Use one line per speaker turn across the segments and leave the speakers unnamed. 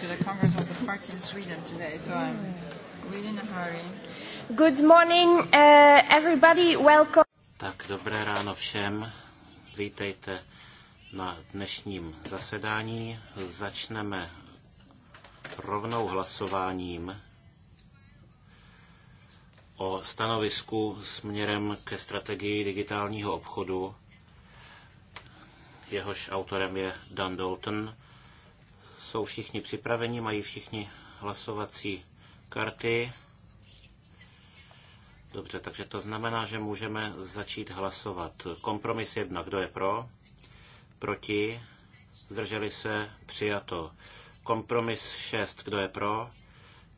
going to the Congress of the Party in Sweden today, so I'm hmm. really in a hurry. Good morning, uh, everybody. Welcome.
Tak, dobré ráno všem. Vítejte na dnešním zasedání. Začneme rovnou hlasováním o stanovisku směrem ke strategii digitálního obchodu. Jehož autorem je Dan Dalton jsou všichni připraveni, mají všichni hlasovací karty. Dobře, takže to znamená, že můžeme začít hlasovat. Kompromis jedna, kdo je pro? Proti? Zdrželi se? Přijato. Kompromis 6, kdo je pro?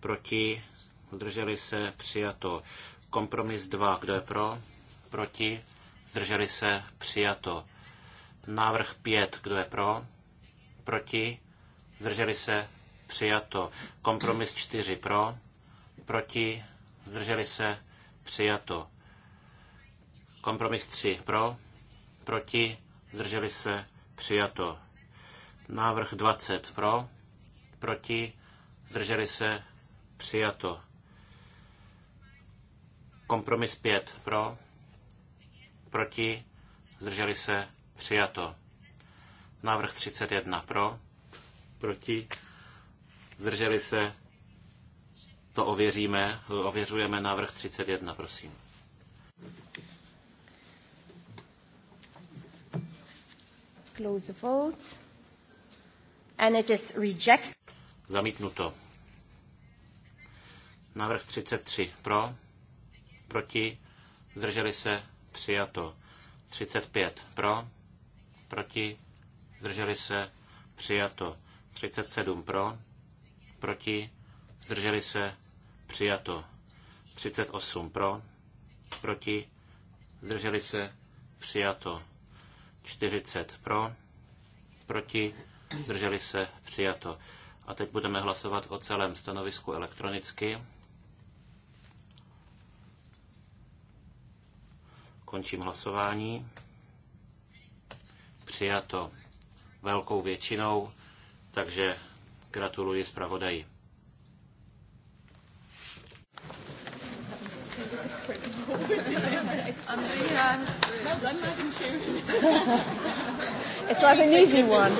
Proti? Zdrželi se? Přijato. Kompromis 2, kdo je pro? Proti? Zdrželi se? Přijato. Návrh 5, kdo je pro? Proti? zdrželi se, přijato. Kompromis 4 pro, proti, zdrželi se, přijato. Kompromis 3 pro, proti, zdrželi se, přijato. Návrh 20 pro, proti, zdrželi se, přijato. Kompromis 5 pro, proti, zdrželi se, přijato. Návrh 31 pro, proti, zdrželi se, to ověříme, ověřujeme návrh 31, prosím.
Close the vote. And it is reject.
Zamítnuto. Návrh 33 pro, proti, zdrželi se, přijato. 35 pro, proti, zdrželi se, přijato. 37 pro, proti, zdrželi se, přijato. 38 pro, proti, zdrželi se, přijato. 40 pro, proti, zdrželi se, přijato. A teď budeme hlasovat o celém stanovisku elektronicky. Končím hlasování. Přijato velkou většinou. Takže gratuluji zpravodaji.
It's like an easy one.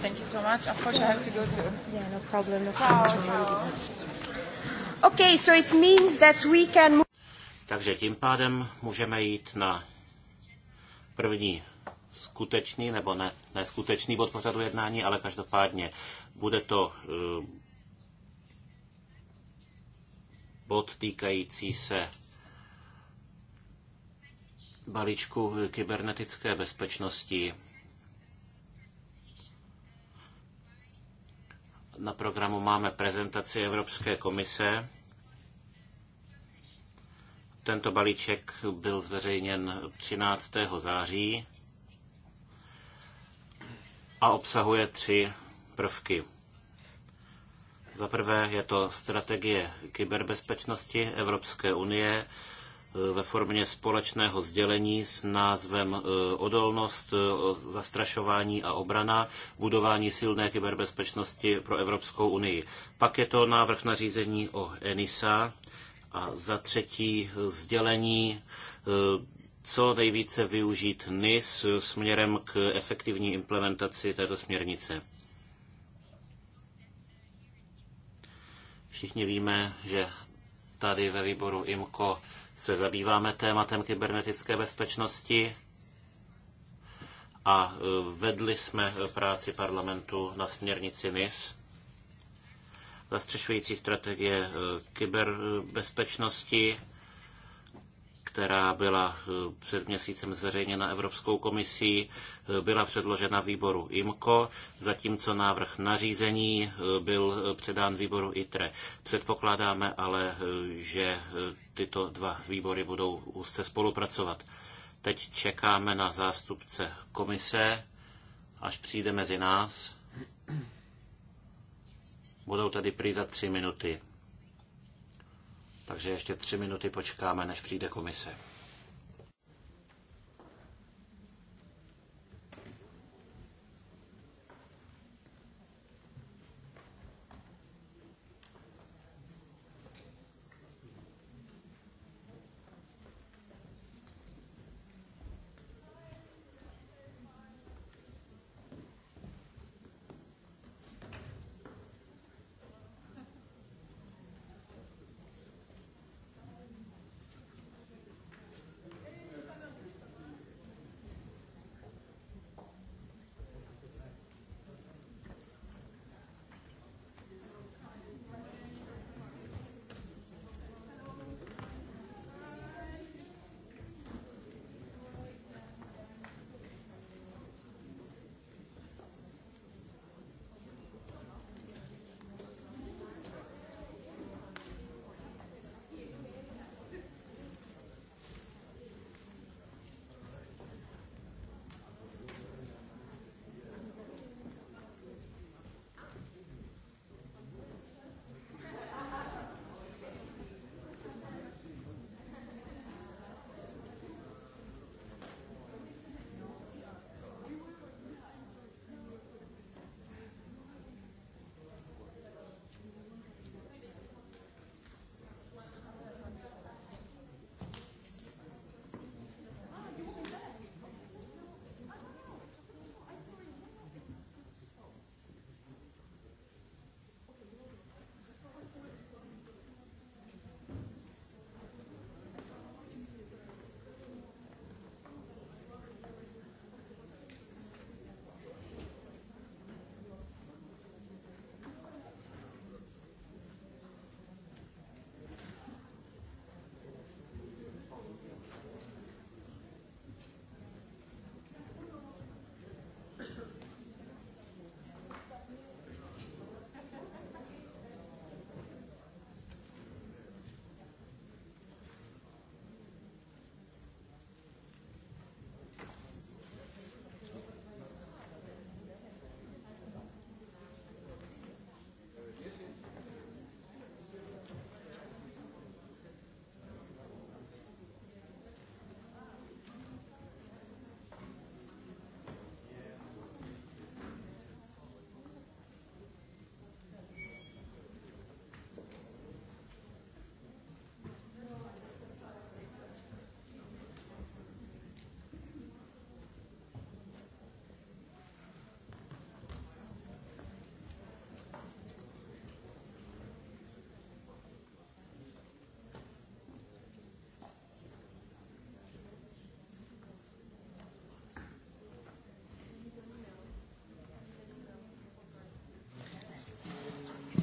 Thank you so much. Of course, I have to go too. Yeah, no problem. No ciao, ciao. Okay, so it means that we can.
Takže tím pádem můžeme jít na první skutečný nebo ne, ne skutečný bod pořadu jednání, ale každopádně bude to eh, bod týkající se balíčku kybernetické bezpečnosti. Na programu máme prezentaci Evropské komise. Tento balíček byl zveřejněn 13. září a obsahuje tři prvky. Za prvé je to strategie kyberbezpečnosti Evropské unie e, ve formě společného sdělení s názvem e, Odolnost, e, zastrašování a obrana, budování silné kyberbezpečnosti pro Evropskou unii. Pak je to návrh na řízení o ENISA a za třetí sdělení co nejvíce využít NIS směrem k efektivní implementaci této směrnice. Všichni víme, že tady ve výboru IMCO se zabýváme tématem kybernetické bezpečnosti a e, vedli jsme práci parlamentu na směrnici NIS. Zastřešující strategie e, kyberbezpečnosti která byla eh, před měsícem zveřejněna Evropskou komisí, eh, byla předložena výboru IMCO, zatímco návrh nařízení eh, byl předán výboru ITRE. Předpokládáme ale, že tyto dva výbory budou úzce spolupracovat. Teď čekáme na zástupce komise, až přijde mezi nás. Budou tady prý za tři minuty. Takže ještě tři minuty počkáme, než přijde komise.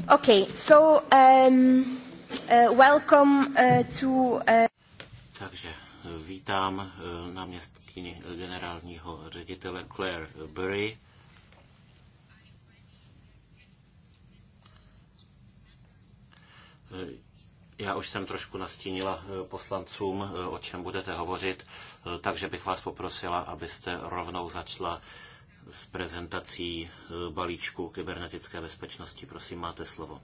Okay, so um, uh, welcome uh, to... Uh...
Takže eh, vítám uh, náměstkyni generálního ředitele Claire Burry. Eh, já už jsem trošku nastínila poslancům, o čem budete hovořit, takže bych vás poprosila, abyste rovnou začala s prezentací eh, balíčku kybernetické bezpečnosti. Prosím, máte slovo.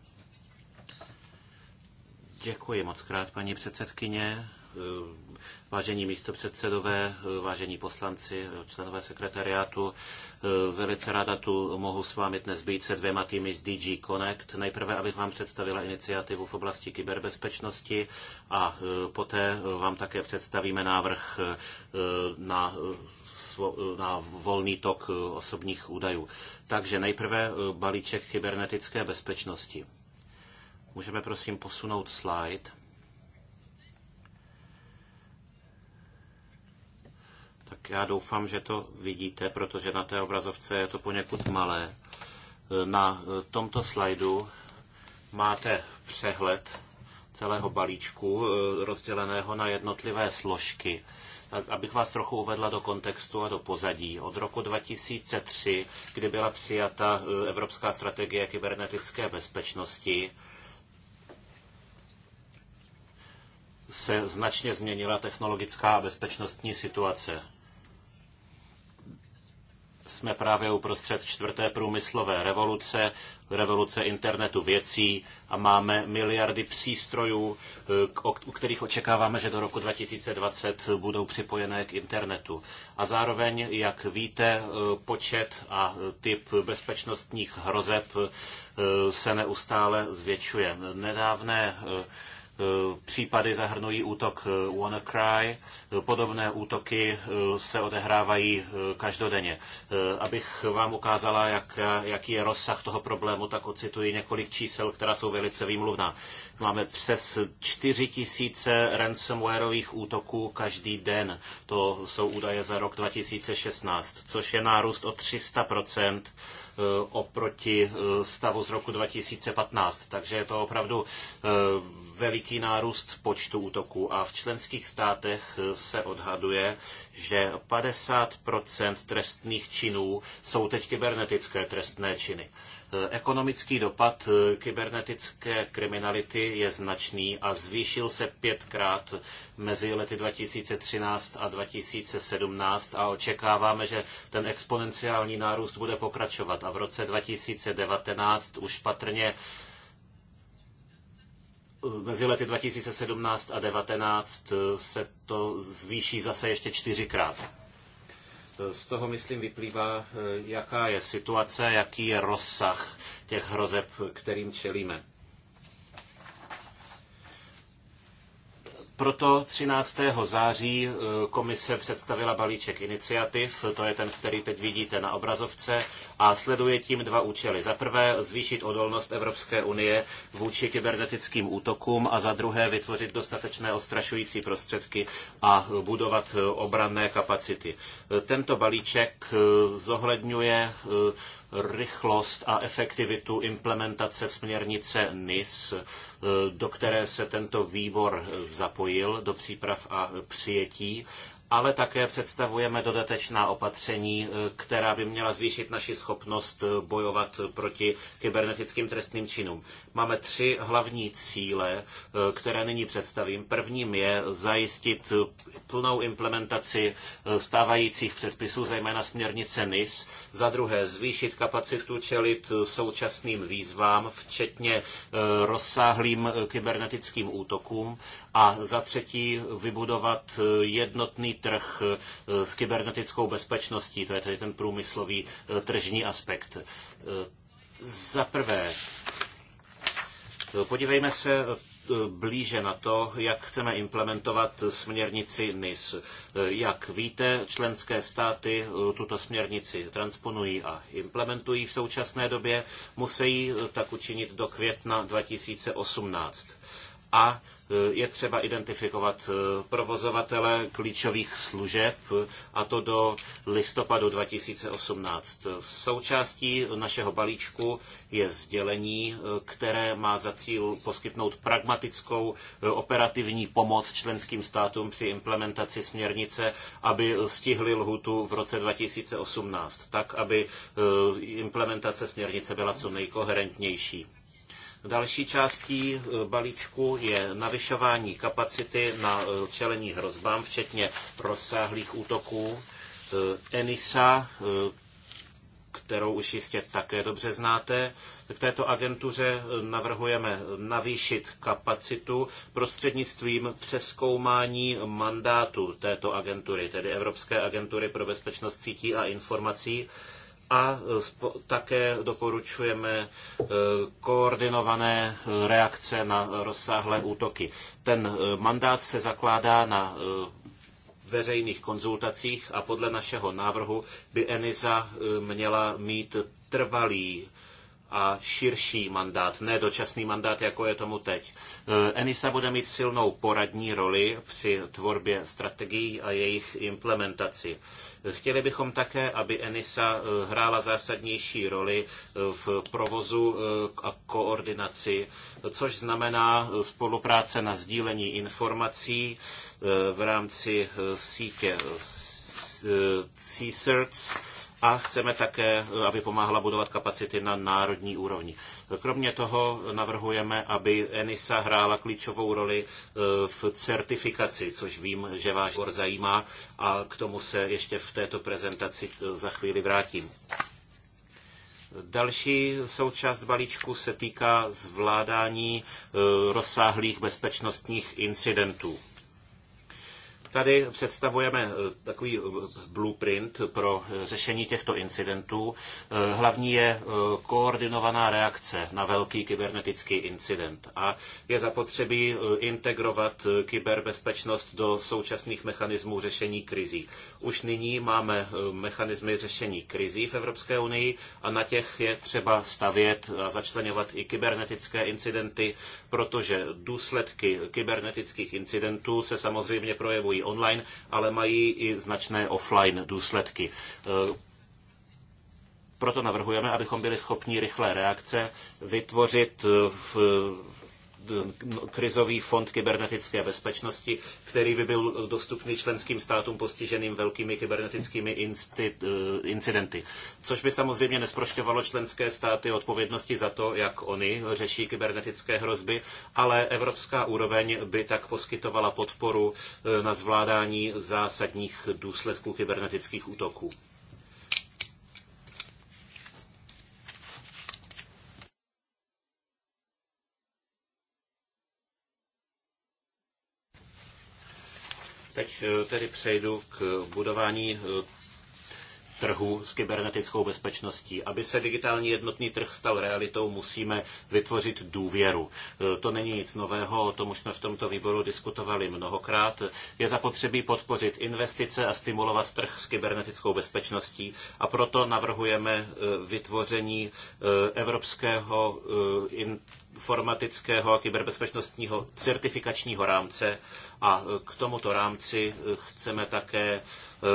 Děkuji moc krát, paní předsedkyně. Eh, vážení místopředsedové, eh, vážení poslanci, eh, členové sekretariátu, velice ráda tu mohu s vámi dnes být se dvěma týmy z DG Connect. Nejprve, abych vám představila iniciativu v oblasti kyberbezpečnosti a poté vám také představíme návrh na, na volný tok osobních údajů. Takže nejprve balíček kybernetické bezpečnosti. Můžeme prosím posunout slide. Tak já doufám, že to vidíte, protože na té obrazovce je to poněkud malé. Na tomto slajdu máte přehled celého balíčku eh, rozděleného na jednotlivé složky. Abych vás trochu uvedla do kontextu a do pozadí. Od roku 2003, kdy byla přijata eh, Evropská strategie kybernetické bezpečnosti, se značně změnila technologická a bezpečnostní situace jsme právě uprostřed čtvrté průmyslové revoluce, revoluce internetu věcí a máme miliardy přístrojů, eh, u kterých očekáváme, že do roku 2020 budou připojené k internetu. A zároveň, jak víte, eh, počet a typ bezpečnostních hrozeb eh, se neustále zvětšuje. Nedávné Eh, případy zahrnují útok eh, WannaCry. Eh, podobné útoky se odehrávají každodenně. Abych vám ukázala, jak, jaký je rozsah toho problému, tak ocituji několik čísel, která jsou velice výmluvná. Máme přes 4 tisíce ransomwareových útoků každý den. To jsou údaje za rok 2016, což je nárůst o 300% oproti stavu z roku 2015. Takže je to opravdu veliký nárůst počtu útoků a v členských státech se odhaduje, že 50 trestných činů jsou teď kybernetické trestné činy. Ekonomický dopad kybernetické kriminality je značný a zvýšil se pětkrát mezi lety 2013 a 2017 a očekáváme, že ten exponenciální nárůst bude pokračovat a v roce 2019 už patrně mezi lety 2017 a 2019 eh, se to zvýší zase ještě čtyřikrát. Eh, z toho, myslím, vyplývá, eh, jaká je situace, jaký je rozsah těch hrozeb, kterým čelíme. Proto 13. září eh, komise představila balíček iniciativ, to je ten, který teď vidíte na obrazovce, a sleduje tím dva účely. Za prvé zvýšit odolnost Evropské unie vůči kybernetickým útokům a za druhé vytvořit dostatečné ostrašující prostředky a budovat eh, obranné kapacity. Eh, tento balíček zohledňuje rychlost a efektivitu implementace směrnice NIS, do které se tento výbor zapojí zapojil do příprav a přijetí ale také představujeme dodatečná opatření, e, která by měla zvýšit naši schopnost e, bojovat proti kybernetickým trestným činům. Máme tři hlavní cíle, e, které nyní představím. Prvním je zajistit plnou implementaci stávajících předpisů, zejména směrnice NIS. Za druhé zvýšit kapacitu čelit současným výzvám, včetně rozsáhlým kybernetickým útokům. A za třetí vybudovat jednotný trh eh, s kybernetickou bezpečností, to je tedy ten průmyslový eh, tržní aspekt. Eh, za prvé, podívejme se blíže na to, jak chceme implementovat směrnici NIS. Jak víte, členské státy tuto směrnici transponují a implementují v současné době, musí tak učinit do května 2018 a e, je třeba identifikovat e, provozovatele klíčových služeb, a to do listopadu 2018. Součástí našeho balíčku je sdělení, e, které má za cíl poskytnout pragmatickou operativní pomoc členským státům při implementaci směrnice, aby stihli lhutu v roce 2018, tak aby implementace směrnice byla co nejkoherentnější. Další částí eh, balíčku je navyšování kapacity na eh, čelení hrozbám, včetně rozsáhlých útoků. Eh, ENISA, kterou už jistě také dobře znáte. K této agentuře navrhujeme navýšit kapacitu prostřednictvím přeskoumání mandátu této agentury, tedy Evropské agentury pro bezpečnost sítí a informací, a také doporučujeme e, koordinované e, reakce na rozsáhlé útoky. Ten e, mandát se zakládá na veřejných konzultacích a podle našeho návrhu by ENISA měla mít trvalý a širší mandát, ne dočasný mandát, jako je tomu teď. Eh, ENISA bude mít silnou poradní roli při tvorbě strategií a jejich implementaci. Eh, chtěli bychom také, aby ENISA eh, hrála zásadnější roli v provozu a koordinaci, což znamená spolupráce na sdílení informací v rámci sítě CSERTS, a chceme také, aby pomáhala budovat kapacity na národní úrovni. Kromě toho navrhujeme, aby ENISA hrála klíčovou roli e, v certifikaci, což vím, že váš výbor zajímá a k tomu se ještě v této prezentaci e, za chvíli vrátím. Další součást balíčku se týká zvládání e, rozsáhlých bezpečnostních incidentů. Tady představujeme eh, takový eh, blueprint pro eh, řešení těchto incidentů. Hlavní je koordinovaná reakce na velký kybernetický incident a je zapotřebí integrovat kyberbezpečnost do současných mechanismů řešení krizí. Už nyní máme mechanismy řešení krizí v Evropské unii a na těch je třeba stavět a začlenovat i kybernetické incidenty, protože důsledky kybernetických incidentů se samozřejmě projevují online, ale mají i značné offline důsledky. E, proto navrhujeme, abychom byli schopni rychlé reakce vytvořit v krizový fond kybernetické bezpečnosti, který by byl dostupný členským státům postiženým velkými kybernetickými incidenty. Což by samozřejmě nesprošťovalo členské státy odpovědnosti za to, jak oni řeší kybernetické hrozby, ale evropská úroveň by tak poskytovala podporu eh, na zvládání zásadních důsledků kybernetických útoků. Teď eh, tedy přejdu k budování eh, trhu s kybernetickou bezpečností. Aby se digitální jednotný trh stal realitou, musíme vytvořit důvěru. Eh, to není nic nového, o tom už jsme v tomto výboru diskutovali mnohokrát. Je zapotřebí podpořit investice a stimulovat trh s kybernetickou bezpečností a proto navrhujeme vytvoření evropského informatického a kyberbezpečnostního certifikačního rámce a k tomuto rámci eh, chceme také eh,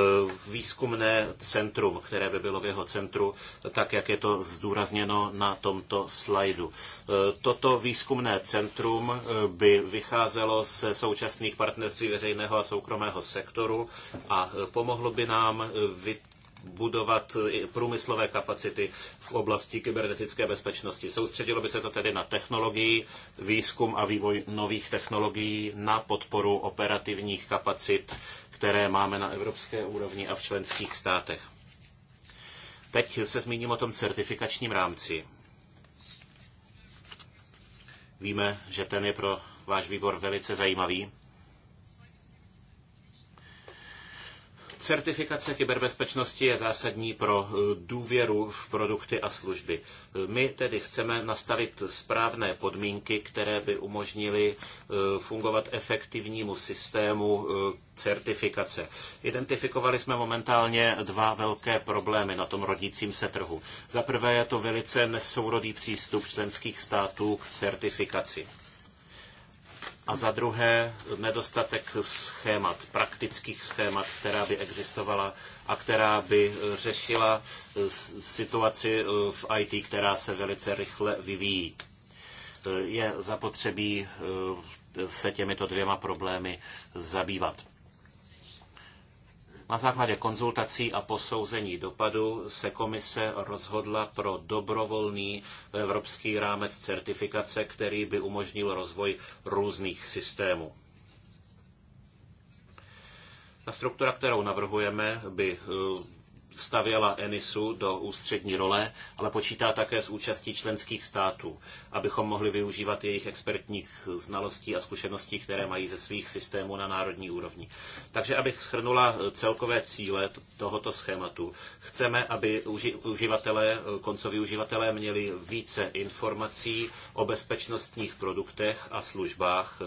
výzkumné centrum, které by bylo v jeho centru, tak jak je to zdůrazněno na tomto slajdu. Eh, toto výzkumné centrum by vycházelo ze současných partnerství veřejného a soukromého sektoru a pomohlo by nám vytvořit budovat průmyslové kapacity v oblasti kybernetické bezpečnosti. Soustředilo by se to tedy na technologii, výzkum a vývoj nových technologií, na podporu operativních kapacit, které máme na evropské úrovni a v členských státech. Teď se zmíním o tom certifikačním rámci. Víme, že ten je pro váš výbor velice zajímavý. Certifikace kyberbezpečnosti je zásadní pro eh, důvěru v produkty a služby. Eh, my tedy chceme nastavit správné podmínky, které by umožnily eh, fungovat efektivnímu systému certifikace. Identifikovali jsme momentálně dva velké problémy na tom rodícím se trhu. Za prvé je to velice nesourodý přístup členských států k certifikaci. A za druhé nedostatek schémat, praktických schémat, která by existovala a která by řešila situaci e, v IT, která se velice rychle vyvíjí. E, je zapotřebí e, se těmito dvěma problémy zabývat. Na základě konzultací a posouzení dopadu se komise rozhodla pro dobrovolný evropský rámec certifikace, který by umožnil rozvoj různých systémů. Ta struktura, kterou navrhujeme, by eh, stavěla Enisu do ústřední role, ale počítá také s účastí členských států, abychom mohli využívat jejich expertních znalostí a zkušeností, které mají ze svých systémů na národní úrovni. Takže abych shrnula celkové cíle tohoto schématu. Chceme, aby uživatelé, koncoví uživatelé měli více informací o bezpečnostních produktech a službách.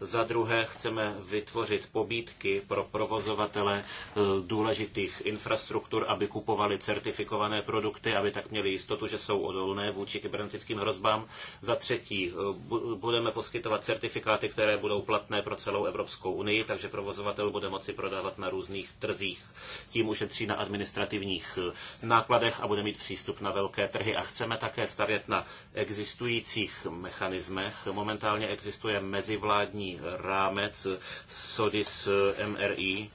Za druhé chceme vytvořit pobídky pro provozovatele eh, důležitých infrastruktur aby kupovali certifikované produkty, aby tak měli jistotu, že jsou odolné vůči kybernetickým hrozbám. Za třetí, eh, budeme poskytovat certifikáty, které budou platné pro celou Evropskou unii, takže provozovatel bude moci prodávat na různých trzích. Tím ušetří na administrativních eh, nákladech a bude mít přístup na velké trhy. A chceme také stavět na existujících mechanismech. Momentálně existuje mezivládní rámec eh, SODIS MRI,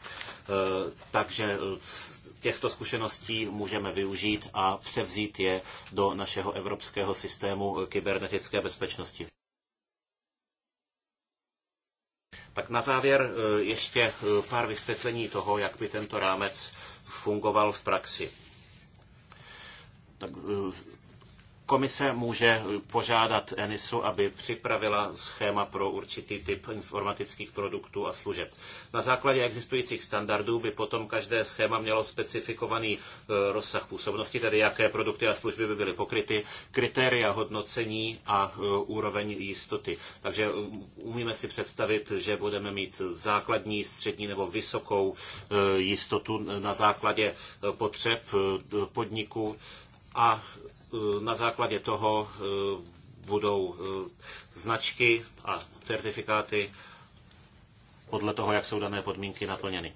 takže těchto zkušeností můžeme využít a převzít je do našeho evropského systému kybernetické bezpečnosti. Tak na závěr e, ještě e, pár vysvětlení toho, jak by tento rámec fungoval v praxi. Tak Komise může požádat ENISu, aby připravila schéma pro určitý typ informatických produktů a služeb. Na základě existujících standardů by potom každé schéma mělo specifikovaný e, rozsah působnosti, tedy jaké produkty a služby by byly pokryty, kritéria hodnocení a e, úroveň jistoty. Takže e, umíme si představit, že budeme mít základní, střední nebo vysokou jistotu na základě potřeb podniku a Eh, na základě toho eh, budou eh, značky a certifikáty podle toho, jak jsou dané podmínky naplněny.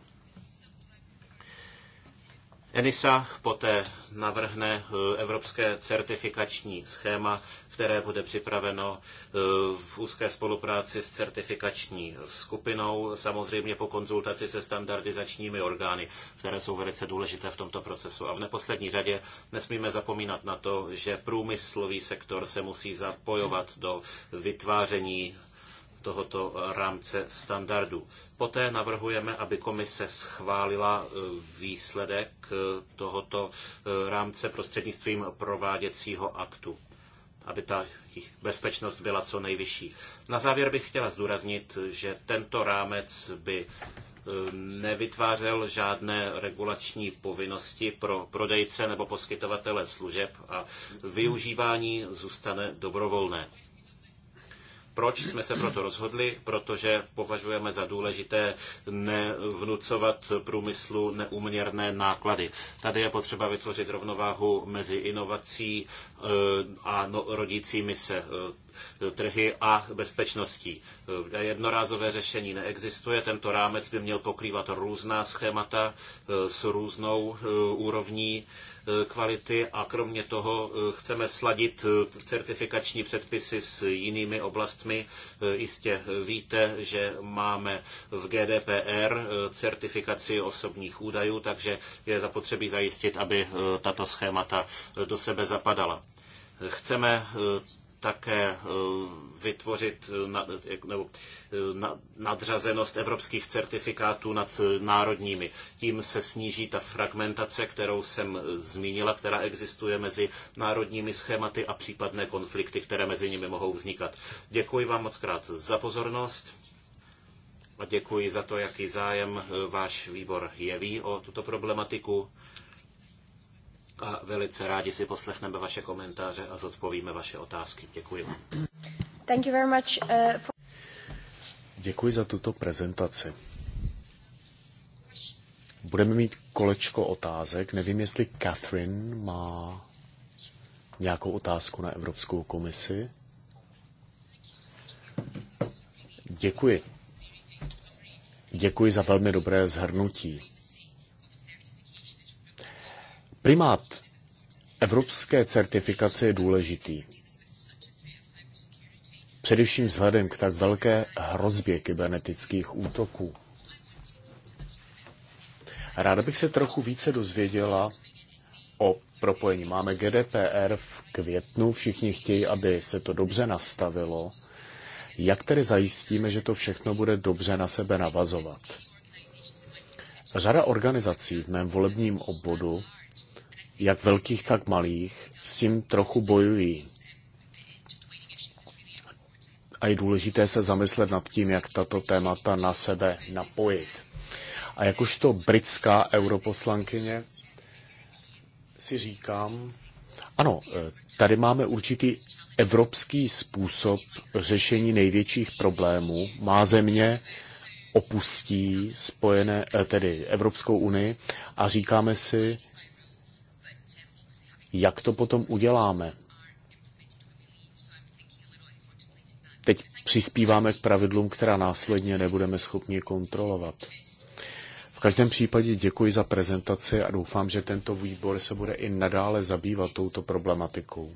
ENISA poté navrhne eh, evropské certifikační schéma, které bude připraveno eh, v úzké spolupráci s certifikační skupinou, samozřejmě po konzultaci se standardizačními orgány, které jsou velice důležité v tomto procesu. A v neposlední řadě nesmíme zapomínat na to, že průmyslový sektor se musí zapojovat do vytváření tohoto rámce standardů. Poté navrhujeme, aby komise schválila e, výsledek e, tohoto e, rámce prostřednictvím prováděcího aktu aby ta bezpečnost byla co nejvyšší. Na závěr bych chtěla zdůraznit, že tento rámec by nevytvářel žádné regulační povinnosti pro prodejce nebo poskytovatele služeb a využívání zůstane dobrovolné. Proč jsme se proto rozhodli? Protože považujeme za důležité nevnucovat průmyslu neuměrné náklady. Tady je potřeba vytvořit rovnováhu mezi inovací eh, a no, rodícími se eh, trhy a bezpečností. Eh, jednorázové řešení neexistuje, tento rámec by měl pokrývat různá schémata s různou úrovní Eh, kvality a kromě toho eh, chceme sladit eh, certifikační předpisy s jinými oblastmi. Jistě víte, že máme v GDPR certifikaci osobních údajů, takže je zapotřebí zajistit, aby tato schémata do sebe zapadala. Chceme také eh, vytvořit eh, eh, nadřazenost evropských certifikátů nad národními. Tím se sníží ta fragmentace, kterou jsem zmínila, která existuje mezi národními schématy a případné konflikty, které mezi nimi mohou vznikat. Děkuji vám moc krát za pozornost a děkuji za to, jaký zájem váš výbor jeví o tuto problematiku. A velice rádi si poslechneme vaše komentáře a zodpovíme vaše otázky. Děkuji.
Thank you very much, uh, for...
Děkuji za tuto prezentaci. Budeme mít kolečko otázek. Nevím, jestli Catherine má nějakou otázku na Evropskou komisi. Děkuji. Děkuji za velmi dobré zhrnutí. Primát evropské certifikace je důležitý. Především vzhledem k tak velké hrozbě kybernetických útoků. Ráda bych se trochu více dozvěděla o propojení. Máme GDPR v květnu, všichni chtějí, aby se to dobře nastavilo. Jak tedy zajistíme, že to všechno bude dobře na sebe navazovat? Řada organizací v mém volebním obvodu jak velkých, tak malých, s tím trochu bojují. A je důležité se zamyslet nad tím, jak tato témata na sebe napojit. A jakožto britská europoslankyně si říkám, ano, eh, tady máme určitý evropský způsob řešení největších problémů. Má země opustí spojené, eh, tedy Evropskou unii a říkáme si, jak to potom uděláme. Teď přispíváme k pravidlům, která následně nebudeme schopni kontrolovat. V každém případě děkuji za prezentaci a doufám, že tento výbor se bude i nadále zabývat touto problematikou.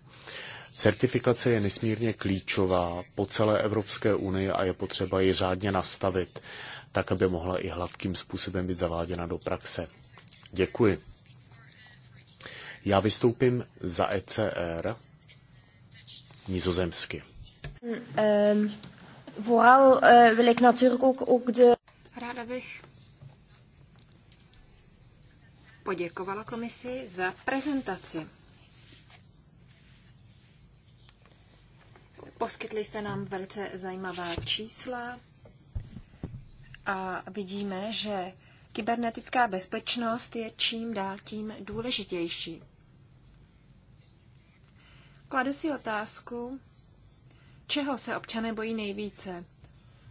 Certifikace je nesmírně klíčová po celé Evropské unii a je potřeba ji řádně nastavit, tak aby mohla i hladkým způsobem být zaváděna do praxe. Děkuji. Já vystoupím za ECR nizozemsky.
Ehm, eh, Ráda bych poděkovala komisi za prezentaci. Poskytli jste nám velice zajímavá čísla a vidíme, že kybernetická bezpečnost je čím dál tím důležitější. Kladu si otázku, čeho se občané bojí nejvíce.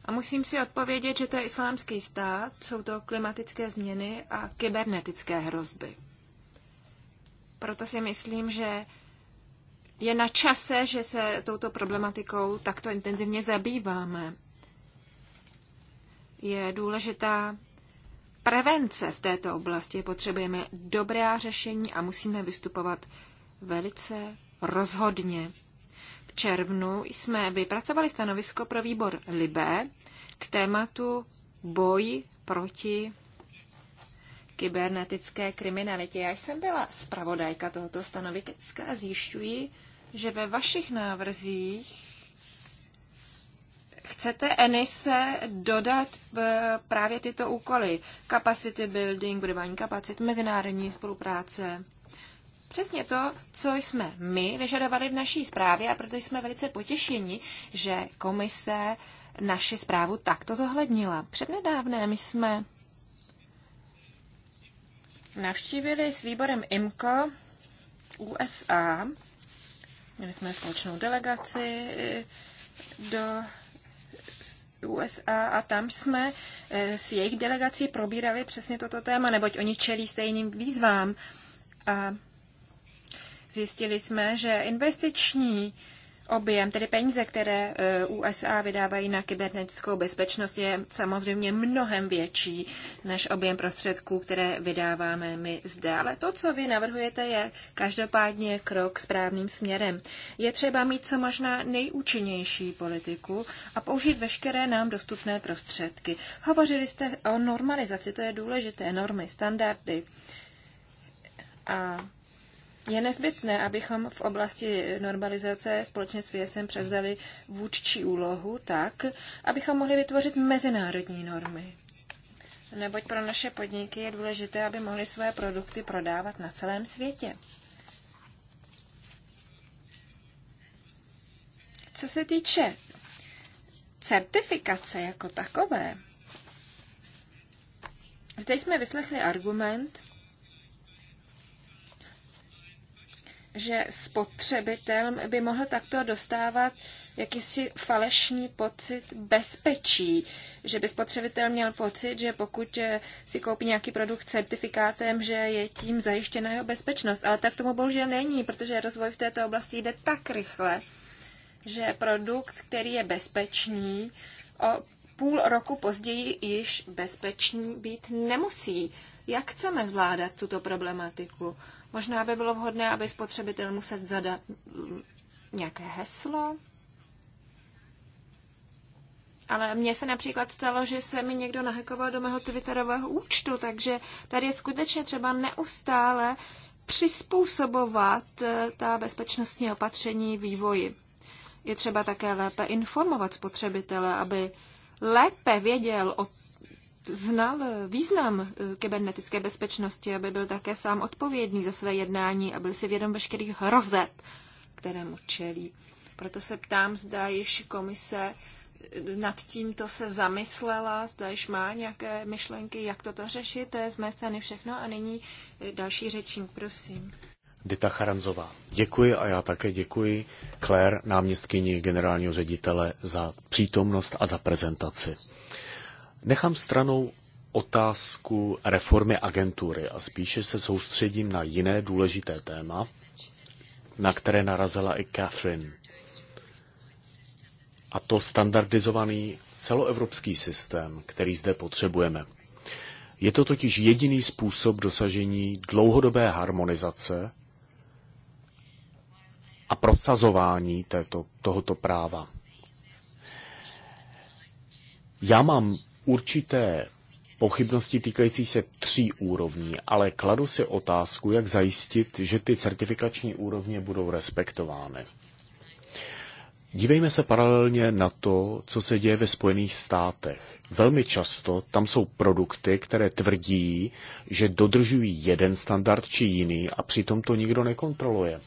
A musím si odpovědět, že to je islámský stát, jsou to klimatické změny a kybernetické hrozby. Proto si myslím, že je na čase, že se touto problematikou takto intenzivně zabýváme. Je důležitá prevence v této oblasti. Potřebujeme dobrá řešení a musíme vystupovat velice rozhodně. V červnu jsme vypracovali stanovisko pro výbor Libé k tématu boj proti kybernetické kriminalitě. Já jsem byla zpravodajka tohoto stanoviska a zjišťuji, že ve vašich návrzích chcete Enise dodat eh, právě tyto úkoly. Capacity building, budování kapacit, mezinárodní spolupráce, přesně to, co jsme my vyžadovali v naší zprávě a proto jsme velice potěšeni, že komise naši zprávu takto zohlednila. my jsme navštívili s výborem IMCO USA. Měli jsme společnou delegaci eh, do USA a tam jsme eh, s jejich delegací probírali přesně toto téma, neboť oni čelí stejným výzvám. A Zjistili jsme, že investiční objem, tedy peníze, které eh, USA vydávají na kybernetickou bezpečnost, je samozřejmě mnohem větší než objem prostředků, které vydáváme my zde. Ale to, co vy navrhujete, je každopádně krok správným směrem. Je třeba mít co možná nejúčinnější politiku a použít veškeré nám dostupné prostředky. Hovořili jste o normalizaci, to je důležité, normy, standardy. A je nezbytné, abychom v oblasti normalizace společně s VSM převzali vůdčí úlohu tak, abychom mohli vytvořit mezinárodní normy. Neboť pro naše podniky je důležité, aby mohli své produkty prodávat na celém světě. Co se týče certifikace jako takové, zde jsme vyslechli argument, že spotřebitel by mohl takto dostávat jakýsi falešný pocit bezpečí, že by spotřebitel měl pocit, že pokud eh, si koupí nějaký produkt certifikátem, že je tím zajištěna jeho bezpečnost. Ale tak tomu bohužel není, protože rozvoj v této oblasti jde tak rychle, že produkt, který je bezpečný, o půl roku později již bezpečný být nemusí. Jak chceme zvládat tuto problematiku? Možná by bylo vhodné, aby spotřebitel musel zadat nějaké heslo. Ale mně se například stalo, že se mi někdo nahekoval do mého Twitterového účtu, takže tady je skutečně třeba neustále přizpůsobovat eh, ta bezpečnostní opatření vývoji. Je třeba také lépe informovat spotřebitele, aby lépe věděl o znal význam eh, kybernetické bezpečnosti, aby byl také sám odpovědný za své jednání a byl si vědom veškerých hrozeb, kterému čelí. Proto se ptám, zda již komise eh, nad tímto se zamyslela, zda již má nějaké myšlenky, jak toto řešit. To je z mé strany všechno a nyní eh, další řečník, prosím.
Dita Charanzová. Děkuji a já také děkuji Claire, náměstkyni generálního ředitele, za přítomnost a za prezentaci. Nechám stranou otázku reformy agentury a spíše se soustředím na jiné důležité téma, na které narazila i Catherine. A to standardizovaný celoevropský systém, který zde potřebujeme. Je to totiž jediný způsob dosažení dlouhodobé harmonizace a prosazování této, tohoto práva. Já mám určité pochybnosti týkající se tří úrovní, ale kladu si otázku, jak zajistit, že ty certifikační úrovně budou respektovány. Dívejme se paralelně na to, co se děje ve Spojených státech. Velmi často tam jsou produkty, které tvrdí, že dodržují jeden standard či jiný a přitom to nikdo nekontroluje.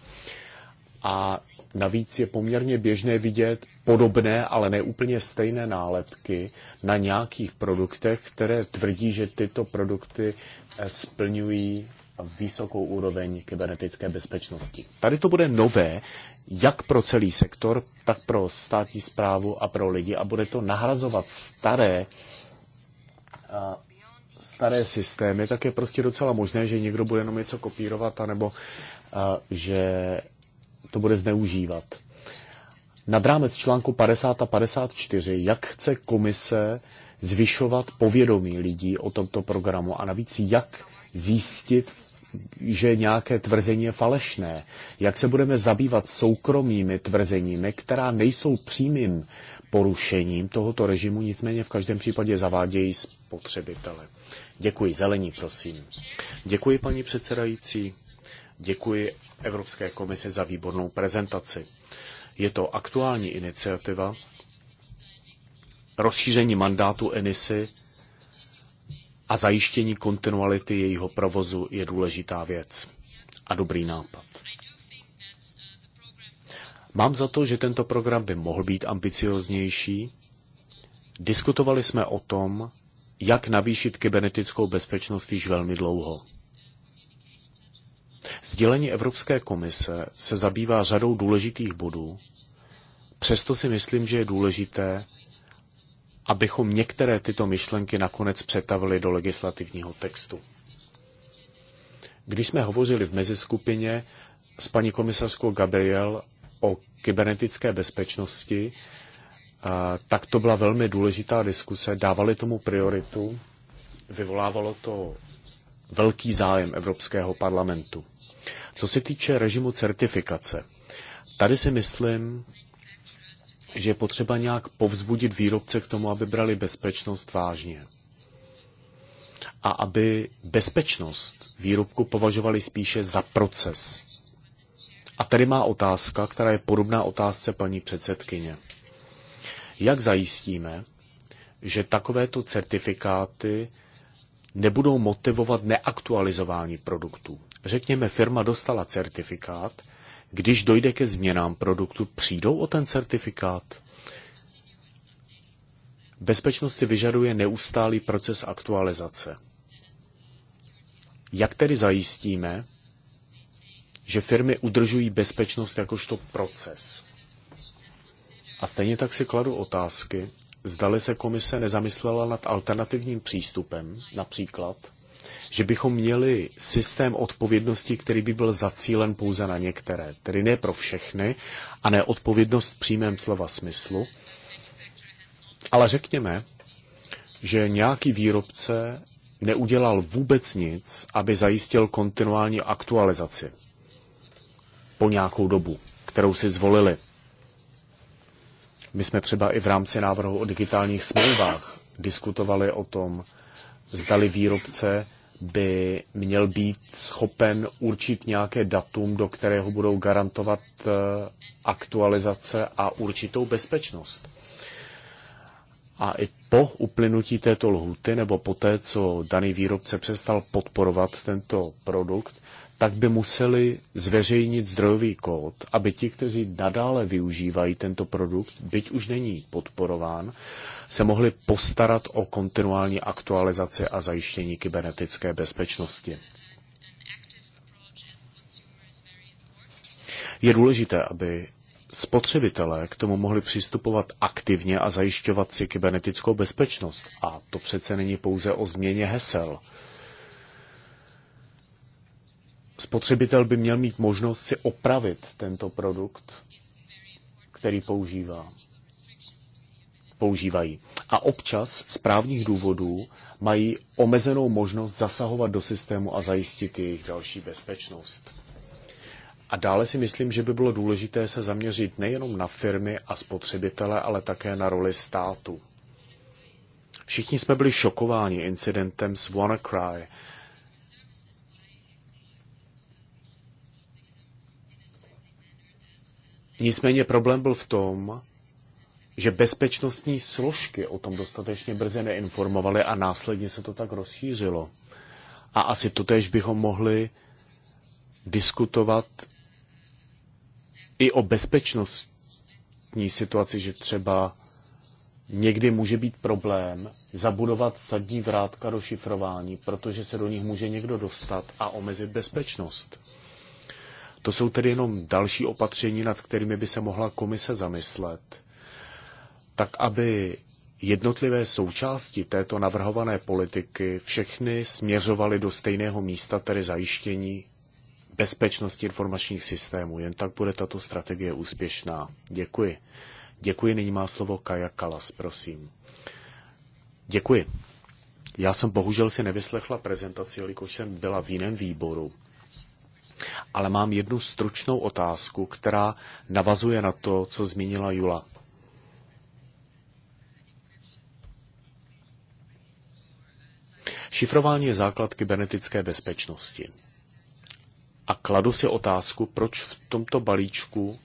A Navíc je poměrně běžné vidět podobné, ale ne úplně stejné nálepky na nějakých produktech, které tvrdí, že tyto produkty eh, splňují vysokou úroveň kybernetické bezpečnosti. Tady to bude nové, jak pro celý sektor, tak pro státní zprávu a pro lidi a bude to nahrazovat staré eh, staré systémy, tak je prostě docela možné, že někdo bude jenom něco kopírovat, anebo eh, že to bude zneužívat. Nad rámec článku 50 a 54, jak chce komise zvyšovat povědomí lidí o tomto programu a navíc jak zjistit, že nějaké tvrzení je falešné. Jak se budeme zabývat soukromými tvrzeními, která nejsou přímým porušením tohoto režimu, nicméně v každém případě zavádějí spotřebitele. Děkuji, zelení, prosím. Děkuji, paní předsedající děkuji Evropské komisi za výbornou prezentaci. Je to aktuální iniciativa, rozšíření mandátu ENISY a zajištění kontinuality jejího provozu je důležitá věc a dobrý nápad. Mám za to, že tento program by mohl být ambicioznější. Diskutovali jsme o tom, jak navýšit kybernetickou bezpečnost již velmi dlouho. Sdělení Evropské komise se zabývá řadou důležitých bodů, přesto si myslím, že je důležité, abychom některé tyto myšlenky nakonec přetavili do legislativního textu. Když jsme hovořili v meziskupině s paní komisařkou Gabriel o kybernetické bezpečnosti, tak to byla velmi důležitá diskuse, dávali tomu prioritu, vyvolávalo to velký zájem Evropského parlamentu. Co se týče režimu certifikace, tady si myslím, že je potřeba nějak povzbudit výrobce k tomu, aby brali bezpečnost vážně. A aby bezpečnost výrobku považovali spíše za proces. A tady má otázka, která je podobná otázce paní předsedkyně. Jak zajistíme, že takovéto certifikáty nebudou motivovat neaktualizování produktů? řekněme, firma dostala certifikát, když dojde ke změnám produktu, přijdou o ten certifikát? Bezpečnost si vyžaduje neustálý proces aktualizace. Jak tedy zajistíme, že firmy udržují bezpečnost jakožto proces? A stejně tak si kladu otázky, zdali se komise nezamyslela nad alternativním přístupem, například že bychom měli systém odpovědnosti, který by byl zacílen pouze na některé, tedy ne pro všechny, a ne odpovědnost v přímém slova smyslu. Ale řekněme, že nějaký výrobce neudělal vůbec nic, aby zajistil kontinuální aktualizaci po nějakou dobu, kterou si zvolili. My jsme třeba i v rámci návrhu o digitálních smlouvách diskutovali o tom, zdali výrobce by měl být schopen určit nějaké datum, do kterého budou garantovat eh, aktualizace a určitou bezpečnost. A i po uplynutí této lhuty nebo po té, co daný výrobce přestal podporovat tento produkt, tak by museli zveřejnit zdrojový kód, aby ti, kteří nadále využívají tento produkt, byť už není podporován, se mohli postarat o kontinuální aktualizaci a zajištění kybernetické bezpečnosti. Je důležité, aby spotřebitelé k tomu mohli přistupovat aktivně a zajišťovat si kybernetickou bezpečnost. A to přece není pouze o změně hesel spotřebitel by měl mít možnost si opravit tento produkt, který používá. Používají. A občas z právních důvodů mají omezenou možnost zasahovat do systému a zajistit jejich další bezpečnost. A dále si myslím, že by bylo důležité se zaměřit nejenom na firmy a spotřebitele, ale také na roli státu. Všichni jsme byli šokováni incidentem s WannaCry, Nicméně problém byl v tom, že bezpečnostní složky o tom dostatečně brzy neinformovaly a následně se to tak rozšířilo. A asi tež bychom mohli diskutovat i o bezpečnostní situaci, že třeba někdy může být problém zabudovat sadní vrátka do šifrování, protože se do nich může někdo dostat a omezit bezpečnost. To jsou tedy jenom další opatření, nad kterými by se mohla komise zamyslet, tak aby jednotlivé součásti této navrhované politiky všechny směřovaly do stejného místa, tedy zajištění bezpečnosti informačních systémů. Jen tak bude tato strategie úspěšná. Děkuji. Děkuji, nyní má slovo Kaja Kalas, prosím. Děkuji. Já jsem bohužel si nevyslechla prezentaci, jelikož jsem byla v jiném výboru. Ale mám jednu stručnou otázku, která navazuje na to, co zmínila Jula. Šifrování je základ kybernetické bezpečnosti. A kladu si otázku, proč v tomto balíčku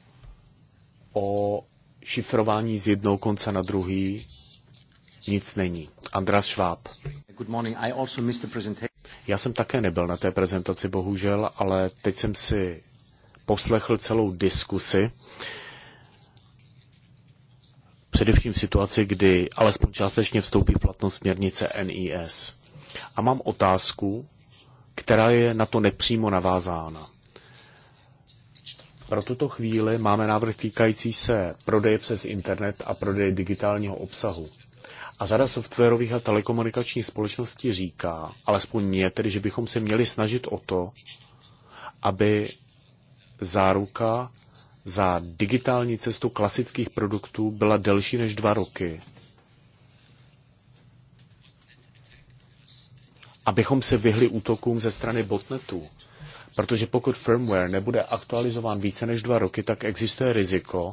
o šifrování z jednou konce na druhý nic není. András Schwab. Good morning. I also missed the presentation. Já jsem také nebyl na té prezentaci, bohužel, ale teď jsem si poslechl celou diskusi. Především v situaci, kdy alespoň částečně vstoupí v platnost směrnice NIS. A mám otázku, která je na to nepřímo navázána. Pro tuto chvíli máme návrh týkající se prodeje přes internet a prodeje digitálního obsahu. A řada softwarových a telekomunikačních společností říká, alespoň mě tedy, že bychom se měli snažit o to, aby záruka za digitální cestu klasických produktů byla delší než dva roky. Abychom se vyhli útokům ze strany botnetů. Protože pokud firmware nebude aktualizován více než dva roky, tak existuje riziko,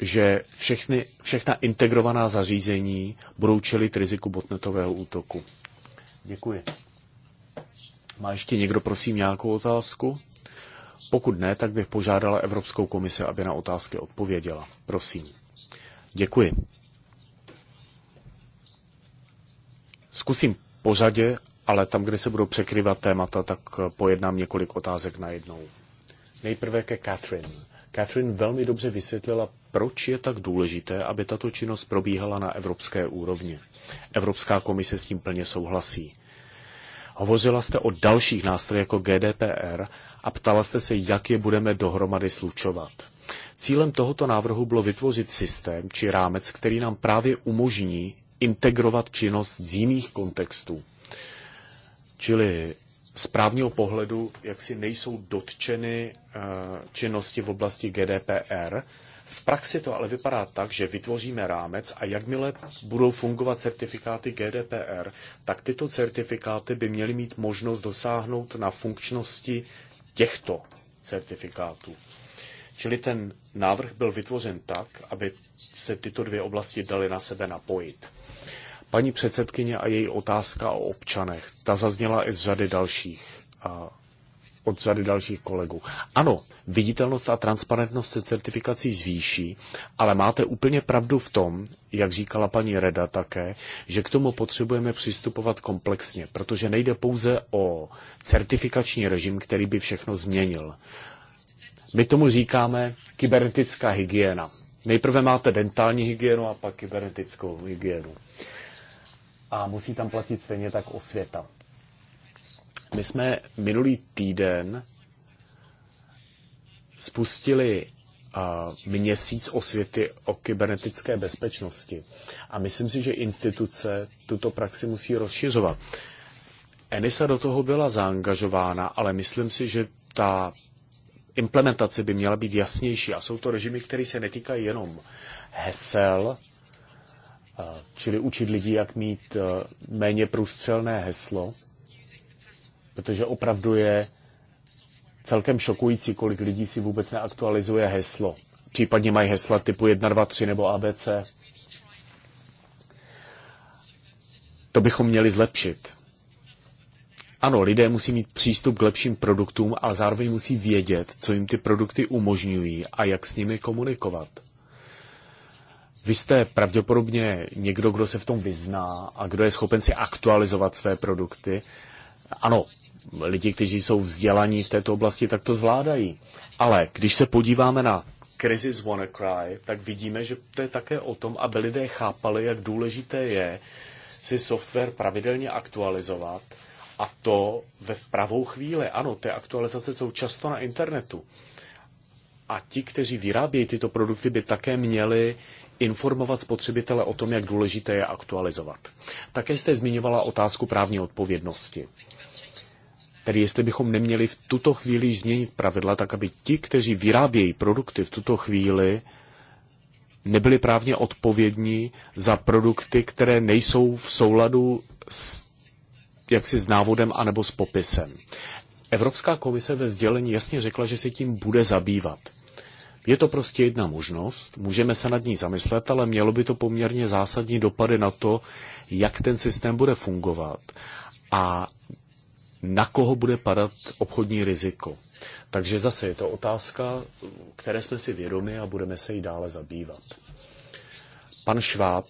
že všechny, všechna integrovaná zařízení budou čelit riziku botnetového útoku. Děkuji. Má ještě někdo, prosím, nějakou otázku? Pokud ne, tak bych požádala Evropskou komisi, aby na otázky odpověděla. Prosím. Děkuji. Zkusím pořadě, ale tam, kde se budou překryvat témata, tak pojednám několik otázek najednou. Nejprve ke Catherine. Catherine velmi dobře vysvětlila, proč je tak důležité, aby tato činnost probíhala na evropské úrovni. Evropská komise s tím plně souhlasí. Hovořila jste o dalších nástrojích jako GDPR a ptala jste se, jak je budeme dohromady slučovat. Cílem tohoto návrhu bylo vytvořit systém či rámec, který nám právě umožní integrovat činnost z jiných kontextů. Čili z právního pohledu jaksi nejsou dotčeny eh, činnosti v oblasti GDPR. V praxi to ale vypadá tak, že vytvoříme rámec a jakmile budou fungovat certifikáty GDPR, tak tyto certifikáty by měly mít možnost dosáhnout na funkčnosti těchto certifikátů. Čili ten návrh byl vytvořen tak, aby se tyto dvě oblasti daly na sebe napojit. Paní předsedkyně a její otázka o občanech, ta zazněla i z řady dalších od řady dalších kolegů. Ano, viditelnost a transparentnost se certifikací zvýší, ale máte úplně pravdu v tom, jak říkala paní Reda také, že k tomu potřebujeme přistupovat komplexně, protože nejde pouze o certifikační režim, který by všechno změnil. My tomu říkáme kybernetická hygiena. Nejprve máte dentální hygienu a pak kybernetickou hygienu a musí tam platit stejně tak osvěta. My jsme minulý týden spustili měsíc osvěty o kybernetické bezpečnosti. A myslím si, že instituce tuto praxi musí rozšiřovat. Enisa do toho byla zaangažována, ale myslím si, že ta implementace by měla být jasnější. A jsou to režimy, které se netýkají jenom hesel, čili učit lidí, jak mít eh, méně průstřelné heslo, protože opravdu je celkem šokující, kolik lidí si vůbec neaktualizuje heslo. Případně mají hesla typu 1, 2, 3 nebo ABC. To bychom měli zlepšit. Ano, lidé musí mít přístup k lepším produktům, ale zároveň musí vědět, co jim ty produkty umožňují a jak s nimi komunikovat. Vy jste pravděpodobně někdo, kdo se v tom vyzná a kdo je schopen si aktualizovat své produkty. Ano, lidi, kteří jsou vzdělaní v této oblasti, tak to zvládají. Ale když se podíváme na krizi z WannaCry, tak vidíme, že to je také o tom, aby lidé chápali, jak důležité je si software pravidelně aktualizovat a to ve pravou chvíli. Ano, ty aktualizace jsou často na internetu. A ti, kteří vyrábějí tyto produkty, by také měli informovat spotřebitele o tom, jak důležité je aktualizovat. Také jste zmiňovala otázku právní odpovědnosti. Tedy jestli bychom neměli v tuto chvíli změnit pravidla, tak aby ti, kteří vyrábějí produkty v tuto chvíli, nebyli právně odpovědní za produkty, které nejsou v souladu s jaksi s návodem anebo s popisem. Evropská komise ve sdělení jasně řekla, že se tím bude zabývat. Je to prostě jedna možnost, můžeme se nad ní zamyslet, ale mělo by to poměrně zásadní dopady na to, jak ten systém bude fungovat a na koho bude padat obchodní riziko. Takže zase je to otázka, které jsme si vědomi a budeme se jí dále zabývat. Pan Šváb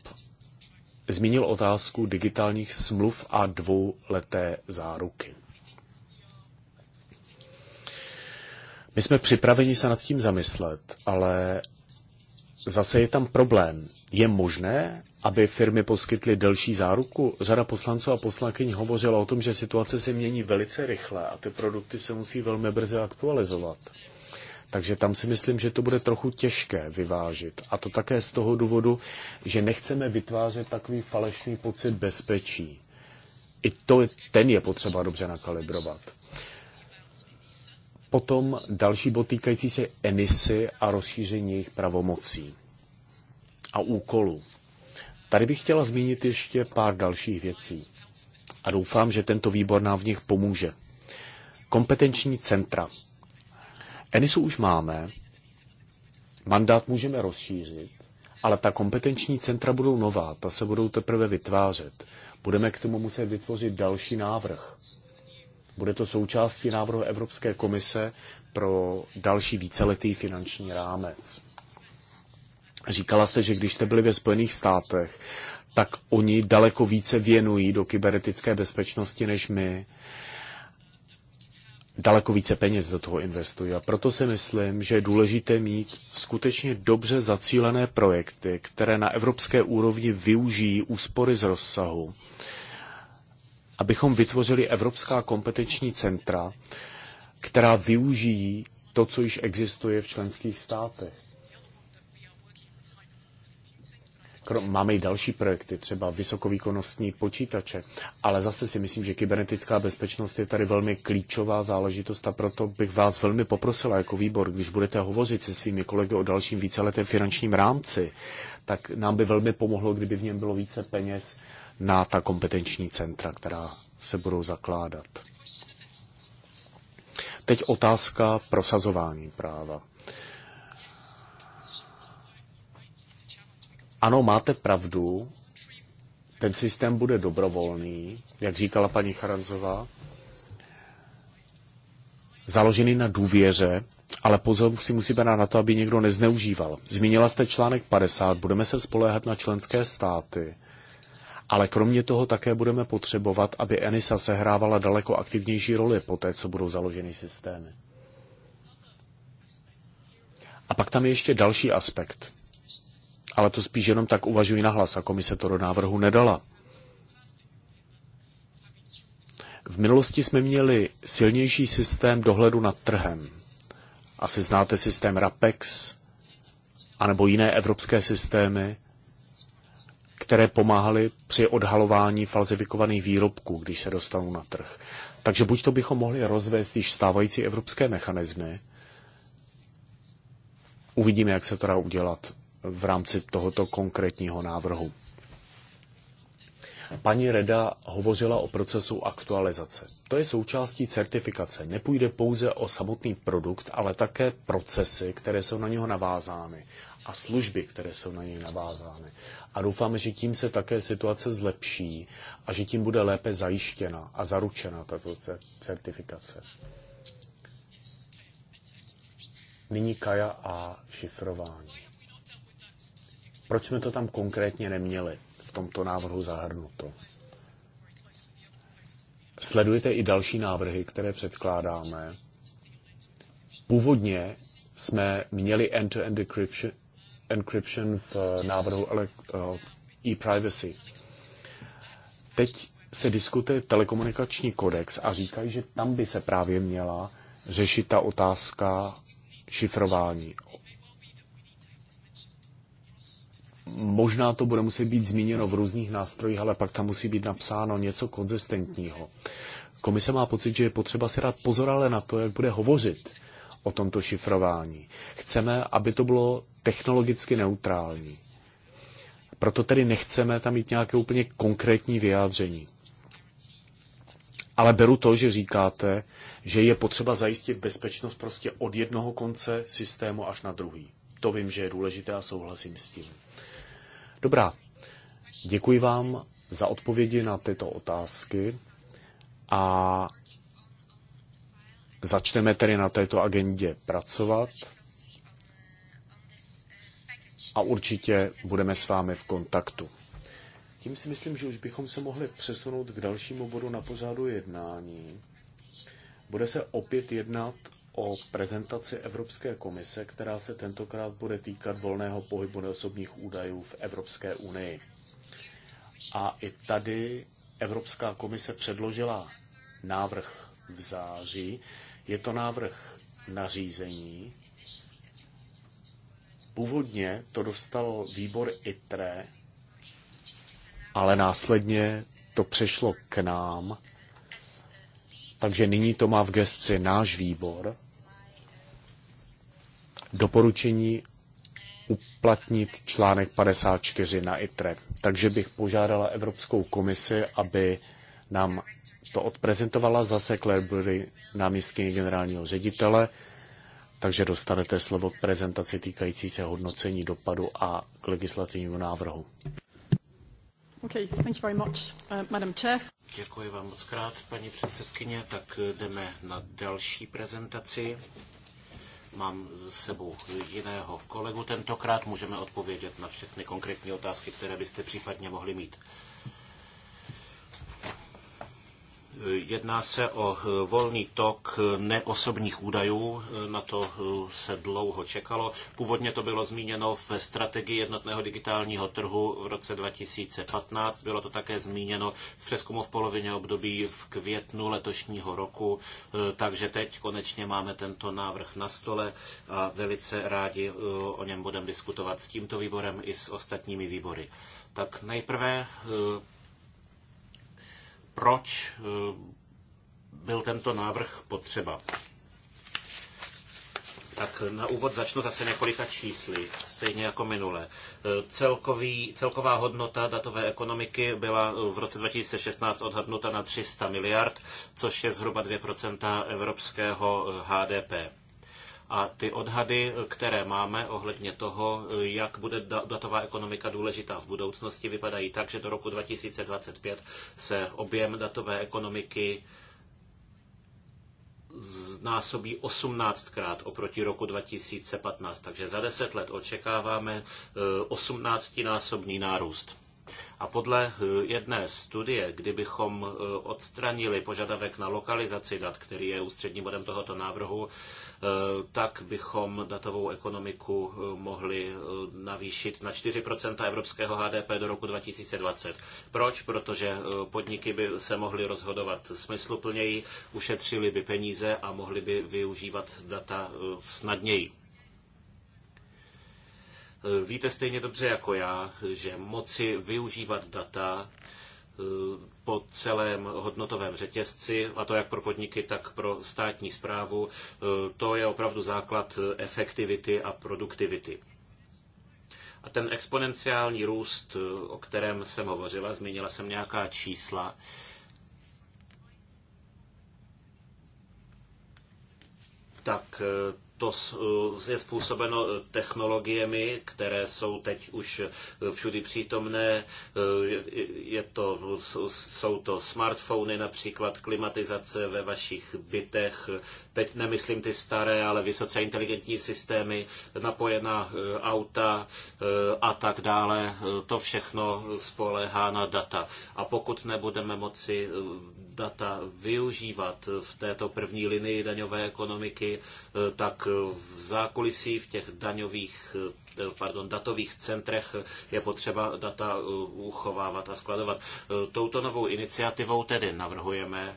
zmínil otázku digitálních smluv a dvouleté záruky. My jsme připraveni se nad tím zamyslet, ale zase je tam problém. Je možné, aby firmy poskytly delší záruku? Řada poslanců a poslankyň hovořila o tom, že situace se mění velice rychle a ty produkty se musí velmi brzy aktualizovat. Takže tam si myslím, že to bude trochu těžké vyvážit. A to také z toho důvodu, že nechceme vytvářet takový falešný pocit bezpečí. I to, ten je potřeba dobře nakalibrovat. Potom další bod týkající se emisy a rozšíření jejich pravomocí a úkolů. Tady bych chtěla zmínit ještě pár dalších věcí a doufám, že tento výbor nám v nich pomůže. Kompetenční centra. Enisu už máme, mandát můžeme rozšířit, ale ta kompetenční centra budou nová, ta se budou teprve vytvářet. Budeme k tomu muset vytvořit další návrh. Bude to součástí návrhu Evropské komise pro další víceletý finanční rámec. Říkala jste, že když jste byli ve Spojených státech, tak oni daleko více věnují do kybernetické bezpečnosti než my. Daleko více peněz do toho investují. A proto si myslím, že je důležité mít skutečně dobře zacílené projekty, které na evropské úrovni využijí úspory z rozsahu abychom vytvořili evropská kompetenční centra, která využijí to, co již existuje v členských státech. Máme i další projekty, třeba vysokovýkonnostní počítače, ale zase si myslím, že kybernetická bezpečnost je tady velmi klíčová záležitost a proto bych vás velmi poprosila jako výbor, když budete hovořit se svými kolegy o dalším víceletém finančním rámci, tak nám by velmi pomohlo, kdyby v něm bylo více peněz na ta kompetenční centra, která se budou zakládat. Teď otázka prosazování práva. Ano, máte pravdu, ten systém bude dobrovolný, jak říkala paní Charanzová, založený na důvěře, ale pozor si musíme dát na to, aby někdo nezneužíval. Zmínila jste článek 50, budeme se spoléhat na členské státy. Ale kromě toho také budeme potřebovat, aby ENISA sehrávala daleko aktivnější roli po té, co budou založeny systémy. A pak tam je ještě další aspekt. Ale to spíš jenom tak uvažuji nahlas a komise to do návrhu nedala. V minulosti jsme měli silnější systém dohledu nad trhem. Asi znáte systém RAPEX, anebo jiné evropské systémy, které pomáhaly při odhalování falzifikovaných výrobků, když se dostanou na trh. Takže buď to bychom mohli rozvést již stávající evropské mechanismy, uvidíme, jak se to dá udělat v rámci tohoto konkrétního návrhu. Paní Reda hovořila o procesu aktualizace. To je součástí certifikace. Nepůjde pouze o samotný produkt, ale také procesy, které jsou na něho navázány a služby, které jsou na něj navázány a doufáme, že tím se také situace zlepší a že tím bude lépe zajištěna a zaručena tato certifikace. Nyní Kaja a šifrování. Proč jsme to tam konkrétně neměli v tomto návrhu zahrnuto? Sledujete i další návrhy, které předkládáme. Původně jsme měli end-to-end -end encryption v eh, návrhu eh, e-privacy. Teď se diskutuje telekomunikační kodex a říkají, že tam by se právě měla řešit ta otázka šifrování. Možná to bude muset být zmíněno v různých nástrojích, ale pak tam musí být napsáno něco konzistentního. Komise má pocit, že je potřeba si dát pozor ale na to, jak bude hovořit o tomto šifrování. Chceme, aby to bylo technologicky neutrální. Proto tedy nechceme tam mít nějaké úplně konkrétní vyjádření. Ale beru to, že říkáte, že je potřeba zajistit bezpečnost prostě od jednoho konce systému až na druhý. To vím, že je důležité a souhlasím s tím. Dobrá, děkuji vám za odpovědi na tyto otázky a Začneme tedy na této agendě pracovat a určitě budeme s vámi v kontaktu. Tím si myslím, že už bychom se mohli přesunout k dalšímu bodu na pořádu jednání. Bude se opět jednat o prezentaci Evropské komise, která se tentokrát bude týkat volného pohybu neosobních údajů v Evropské unii. A i tady Evropská komise předložila návrh v září. Je to návrh nařízení. Původně to dostal výbor ITRE, ale následně to přešlo k nám. Takže nyní to má v gestci náš výbor. Doporučení uplatnit článek 54 na ITRE. Takže bych požádala Evropskou komisi, aby nám to odprezentovala zase Burry, náměstkyně generálního ředitele, takže dostanete slovo k prezentaci týkající se hodnocení dopadu a k legislativnímu návrhu.
Okay, thank you very much, uh, Madam Chair.
Děkuji vám moc krát, paní předsedkyně. Tak eh, jdeme na další prezentaci. Mám s sebou jiného kolegu tentokrát. Můžeme odpovědět na všechny konkrétní otázky, které byste případně mohli mít. Uh, Jedná se o eh, volný tok eh, neosobních údajů, eh, na to se dlouho čekalo. Původně to bylo zmíněno v strategii jednotného digitálního trhu v roce 2015, bylo to také zmíněno v přeskumu v polovině období v květnu letošního roku, takže teď konečně máme tento návrh na stole a velice rádi o něm budeme diskutovat s tímto výborem i s ostatními výbory. Tak nejprve proč eh, byl tento návrh potřeba. Tak na úvod začnu zase několika čísly, stejně jako minule. Eh, celkový, celková hodnota datové ekonomiky byla eh, v roce 2016 odhadnuta na 300 miliard, což je zhruba 2% evropského HDP. A ty odhady, které máme ohledně toho, jak bude datová ekonomika důležitá v budoucnosti, vypadají tak, že do roku 2025 se objem datové ekonomiky znásobí 18krát oproti roku 2015. Takže za 10 let očekáváme 18násobný eh, nárůst. A podle eh, jedné studie, kdybychom eh, odstranili požadavek na lokalizaci dat, který je ústředním bodem tohoto návrhu, Eh, tak bychom datovou ekonomiku eh, mohli eh, navýšit na 4% evropského HDP do roku 2020. Proč? Protože podniky by se mohly rozhodovat smysluplněji, ušetřili by peníze a mohli by využívat data snadněji. Víte stejně dobře jako já, že moci využívat data po celém hodnotovém řetězci, a to jak pro podniky, tak pro státní správu. E, to je opravdu základ efektivity a produktivity. A ten exponenciální růst, e, o kterém jsem hovořila, zmínila jsem nějaká čísla, tak e, to eh, je způsobeno eh, technologiemi, které jsou teď už eh, všudy přítomné. Je to, jsou to smartfony, například klimatizace ve vašich bytech. Teď nemyslím ty staré, ale vysoce inteligentní systémy, napojená auta a tak dále. To všechno spolehá na data. A pokud nebudeme moci data využívat v této první linii daňové ekonomiky, eh, tak v zákulisí, v těch daňových eh, eh, pardon, datových centrech je potřeba data uchovávat a skladovat. Touto novou iniciativou tedy navrhujeme,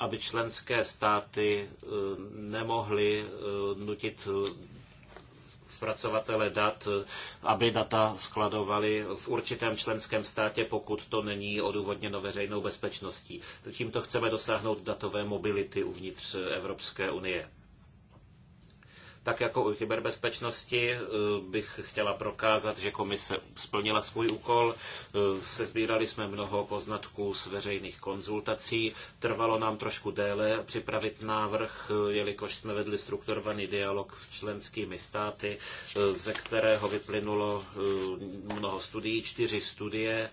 aby členské státy nemohly nutit zpracovatele dat, aby data skladovali v určitém členském státě, pokud to není odůvodněno veřejnou bezpečností. Tímto chceme dosáhnout datové mobility uvnitř Evropské unie. Tak jako u kyberbezpečnosti eh, bych chtěla prokázat, že komise splnila svůj úkol. Eh, sezbírali jsme mnoho poznatků z veřejných konzultací. Trvalo nám trošku déle připravit návrh, eh, jelikož jsme vedli strukturovaný dialog s členskými státy, ze kterého vyplynulo mnoho studií, čtyři studie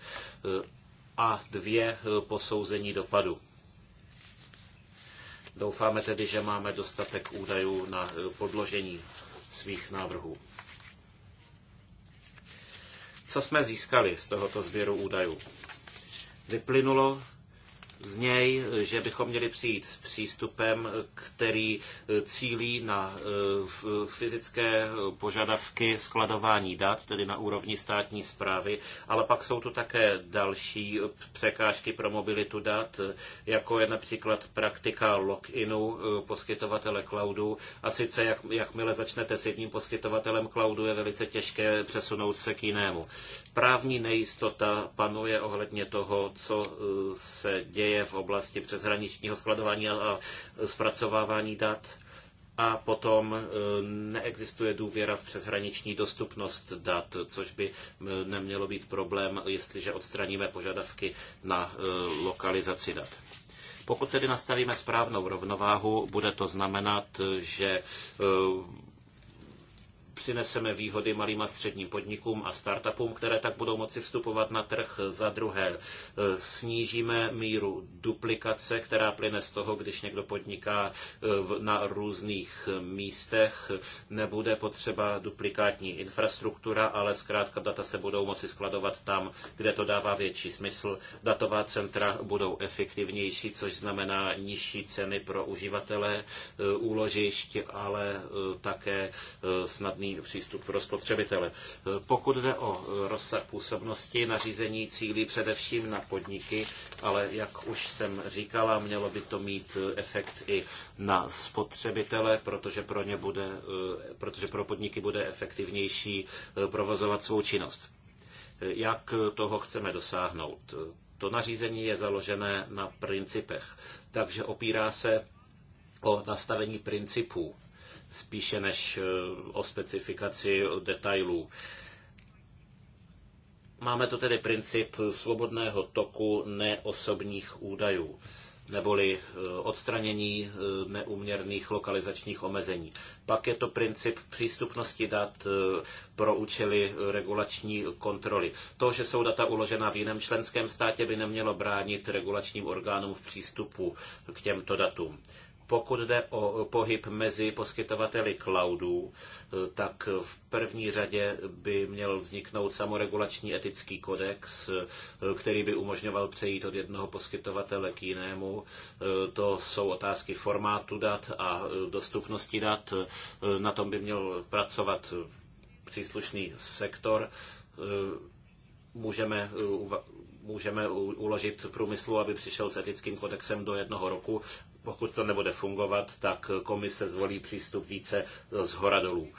a dvě posouzení dopadu. Doufáme tedy, že máme dostatek údajů na eh, podložení svých návrhů. Co jsme získali z tohoto sběru údajů? Vyplynulo, z něj, že bychom měli přijít s přístupem, který cílí na eh, fyzické požadavky skladování dat, tedy na úrovni státní zprávy, ale pak jsou tu také další překážky pro mobilitu dat, jako je například praktika loginu eh, poskytovatele cloudu. A sice jak, jakmile začnete s jedním poskytovatelem cloudu, je velice těžké přesunout se k jinému. Právní nejistota panuje ohledně toho, co eh, se děje údaje v oblasti přeshraničního skladování a zpracovávání dat. A potom e, neexistuje důvěra v přeshraniční dostupnost dat, což by nemělo být problém, jestliže odstraníme požadavky na e, lokalizaci dat. Pokud tedy nastavíme správnou rovnováhu, bude to znamenat, že e, přineseme výhody malým a středním podnikům a startupům, které tak budou moci vstupovat na trh. Za druhé, e, snížíme míru duplikace, která plyne z toho, když někdo podniká e, na různých místech. Nebude potřeba duplikátní infrastruktura, ale zkrátka data se budou moci skladovat tam, kde to dává větší smysl. Datová centra budou efektivnější, což znamená nižší ceny pro uživatele e, úložišť, ale také snadný přístup pro spotřebitele. Pokud jde o rozsah působnosti, nařízení cílí především na podniky, ale jak už jsem říkala, mělo by to mít efekt i na spotřebitele, protože pro, ně bude, eh, protože pro podniky bude efektivnější eh, provozovat svou činnost. Jak toho chceme dosáhnout? To nařízení je založené na principech, takže opírá se o nastavení principů spíše než eh, o specifikaci detailů. Máme to tedy princip svobodného toku neosobních údajů, neboli eh, odstranění eh, neuměrných lokalizačních omezení. Pak je to princip přístupnosti dat pro účely regulační kontroly. To, že jsou data uložena v jiném členském státě, by nemělo bránit regulačním orgánům v přístupu k těmto datům. Pokud jde o pohyb mezi poskytovateli cloudů, eh, tak v první řadě by měl vzniknout samoregulační etický kodex, eh, který by umožňoval přejít od jednoho poskytovatele k jinému. Eh, to jsou otázky formátu dat a dostupnosti dat. Na tom by měl pracovat příslušný sektor. Můžeme můžeme uložit průmyslu, aby přišel s etickým kodexem do jednoho roku pokud to nebude fungovat, tak komise zvolí přístup více z hora dolů.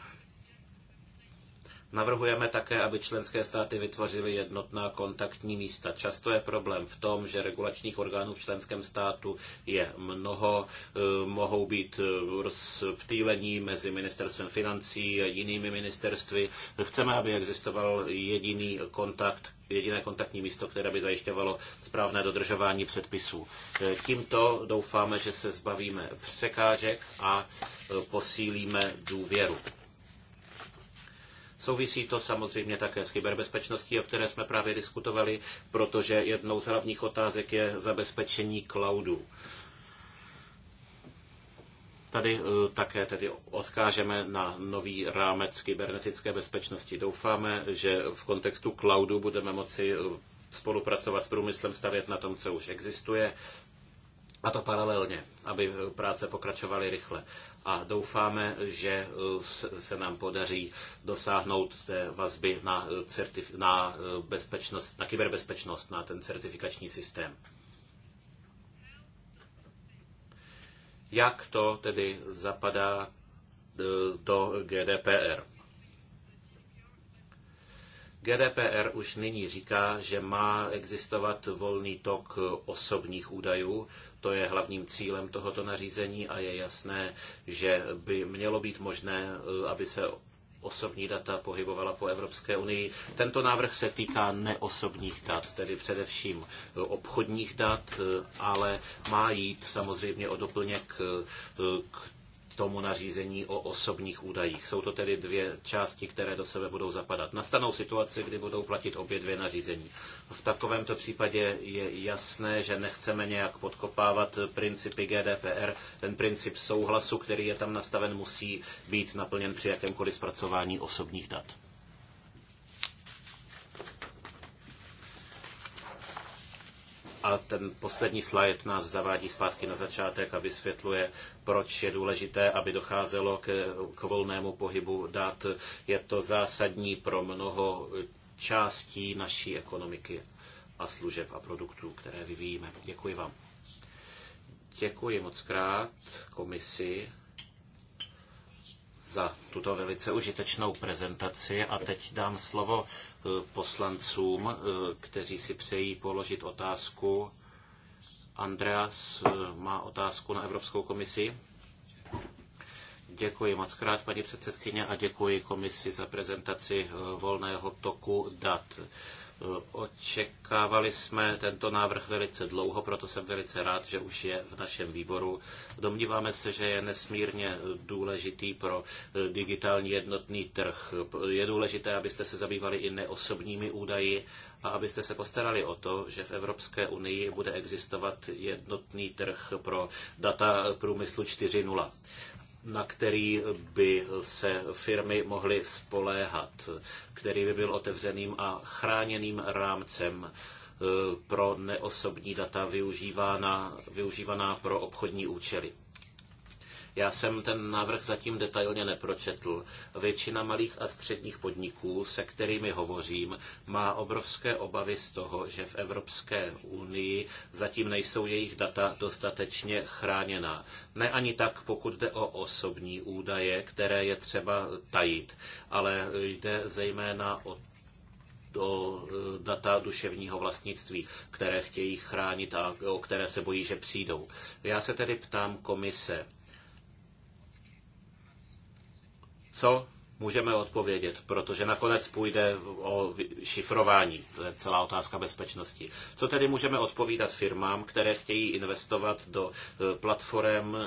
Navrhujeme také, aby členské státy vytvořily jednotná kontaktní místa. Často je problém v tom, že regulačních orgánů v členském státu je mnoho, eh, mohou být eh, rozptýlení mezi ministerstvem financí a jinými ministerstvy. Chceme, aby existoval jediný kontakt, jediné kontaktní místo, které by zajišťovalo správné dodržování předpisů. E, tímto doufáme, že se zbavíme překážek a e, posílíme důvěru. Souvisí to samozřejmě také s kyberbezpečností, o které jsme právě diskutovali, protože jednou z hlavních otázek je zabezpečení cloudu. Tady eh, také tedy odkážeme na nový rámec kybernetické bezpečnosti. Doufáme, že v kontextu cloudu budeme moci eh, spolupracovat s průmyslem, stavět na tom, co už existuje, a to paralelně, aby eh, práce pokračovaly rychle. A doufáme, že se nám podaří dosáhnout té vazby na, certif- na bezpečnost, na kyberbezpečnost, na ten certifikační systém. jak to tedy zapadá eh, do GDPR. GDPR už nyní říká, že má existovat volný tok osobních údajů. To je hlavním cílem tohoto nařízení a je jasné, že by mělo být možné, eh, aby se osobní data pohybovala po Evropské unii. Tento návrh se týká neosobních dat, tedy především obchodních dat, eh, ale má jít samozřejmě o doplněk eh, k tomu nařízení o osobních údajích. Jsou to tedy dvě části, které do sebe budou zapadat. Nastanou situace, kdy budou platit obě dvě nařízení. V takovémto případě je jasné, že nechceme nějak podkopávat principy GDPR. Ten princip souhlasu, který je tam nastaven, musí být naplněn při jakémkoliv zpracování osobních dat. A ten poslední slide nás zavádí zpátky na začátek a vysvětluje, proč je důležité, aby docházelo k, k volnému pohybu dat. Je to zásadní pro mnoho částí naší ekonomiky a služeb a produktů, které vyvíjíme. Děkuji vám. Děkuji moc krát komisi za tuto velice užitečnou prezentaci a teď dám slovo poslancům, eh, kteří si přejí položit otázku. Andreas eh, má otázku na Evropskou komisi. Děkuji moc krát, paní předsedkyně, a děkuji komisi za prezentaci eh, volného toku dat. Očekávali jsme tento návrh velice dlouho, proto jsem velice rád, že už je v našem výboru. Domníváme se, že je nesmírně důležitý pro eh, digitální jednotný trh. Je důležité, abyste se zabývali i neosobními údaji a abyste se postarali o to, že v Evropské unii bude existovat jednotný trh pro data průmyslu 4.0 na který by se firmy mohly spoléhat, který by byl otevřeným a chráněným rámcem eh, pro neosobní data využívána, využívaná pro obchodní účely. Já jsem ten návrh zatím detailně nepročetl. Většina malých a středních podniků, se kterými hovořím, má obrovské obavy z toho, že v Evropské unii zatím nejsou jejich data dostatečně chráněná. Ne ani tak, pokud jde o osobní údaje, které je třeba tajit, ale jde zejména o do e, data duševního vlastnictví, které chtějí chránit a o které se bojí, že přijdou. Já se tedy ptám komise, co můžeme odpovědět, protože nakonec půjde o šifrování, to je celá otázka bezpečnosti. Co tedy můžeme odpovídat firmám, které chtějí investovat do e, platform, e,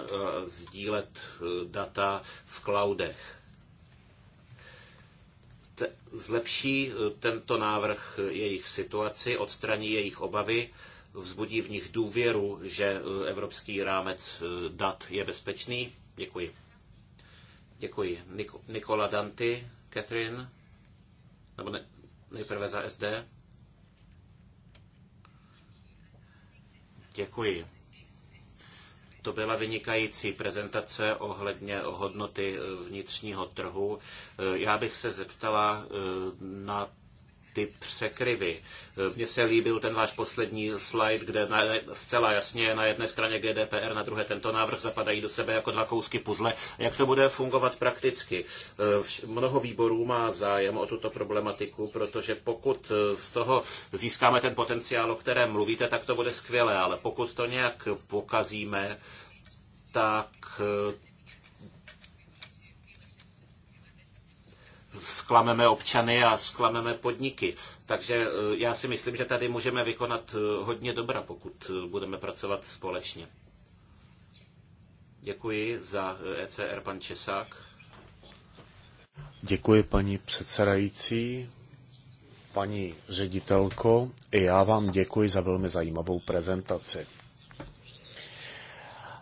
sdílet e, data v cloudech? Zlepší tento návrh jejich situaci, odstraní jejich obavy, vzbudí v nich důvěru, že evropský rámec dat je bezpečný? Děkuji. Děkuji. Nik- Nikola Danti, Catherine, nebo ne, nejprve za SD. Děkuji. To byla vynikající prezentace ohledně hodnoty vnitřního trhu. Já bych se zeptala eh, na ty překryvy. Mně se líbil ten váš poslední slide, kde na, zcela jasně na jedné straně GDPR, na druhé tento návrh zapadají do sebe jako dva kousky puzle. Jak to bude fungovat prakticky? Mnoho výborů má zájem o tuto problematiku, protože pokud z toho získáme ten potenciál, o kterém mluvíte, tak to bude skvělé, ale pokud to nějak pokazíme, tak sklameme občany a sklameme podniky. Takže e, já si myslím, že tady můžeme vykonat e, hodně dobra, pokud e, budeme pracovat společně. Děkuji za ECR, pan Česák.
Děkuji, paní předsedající. Paní ředitelko, i já vám děkuji za velmi zajímavou prezentaci.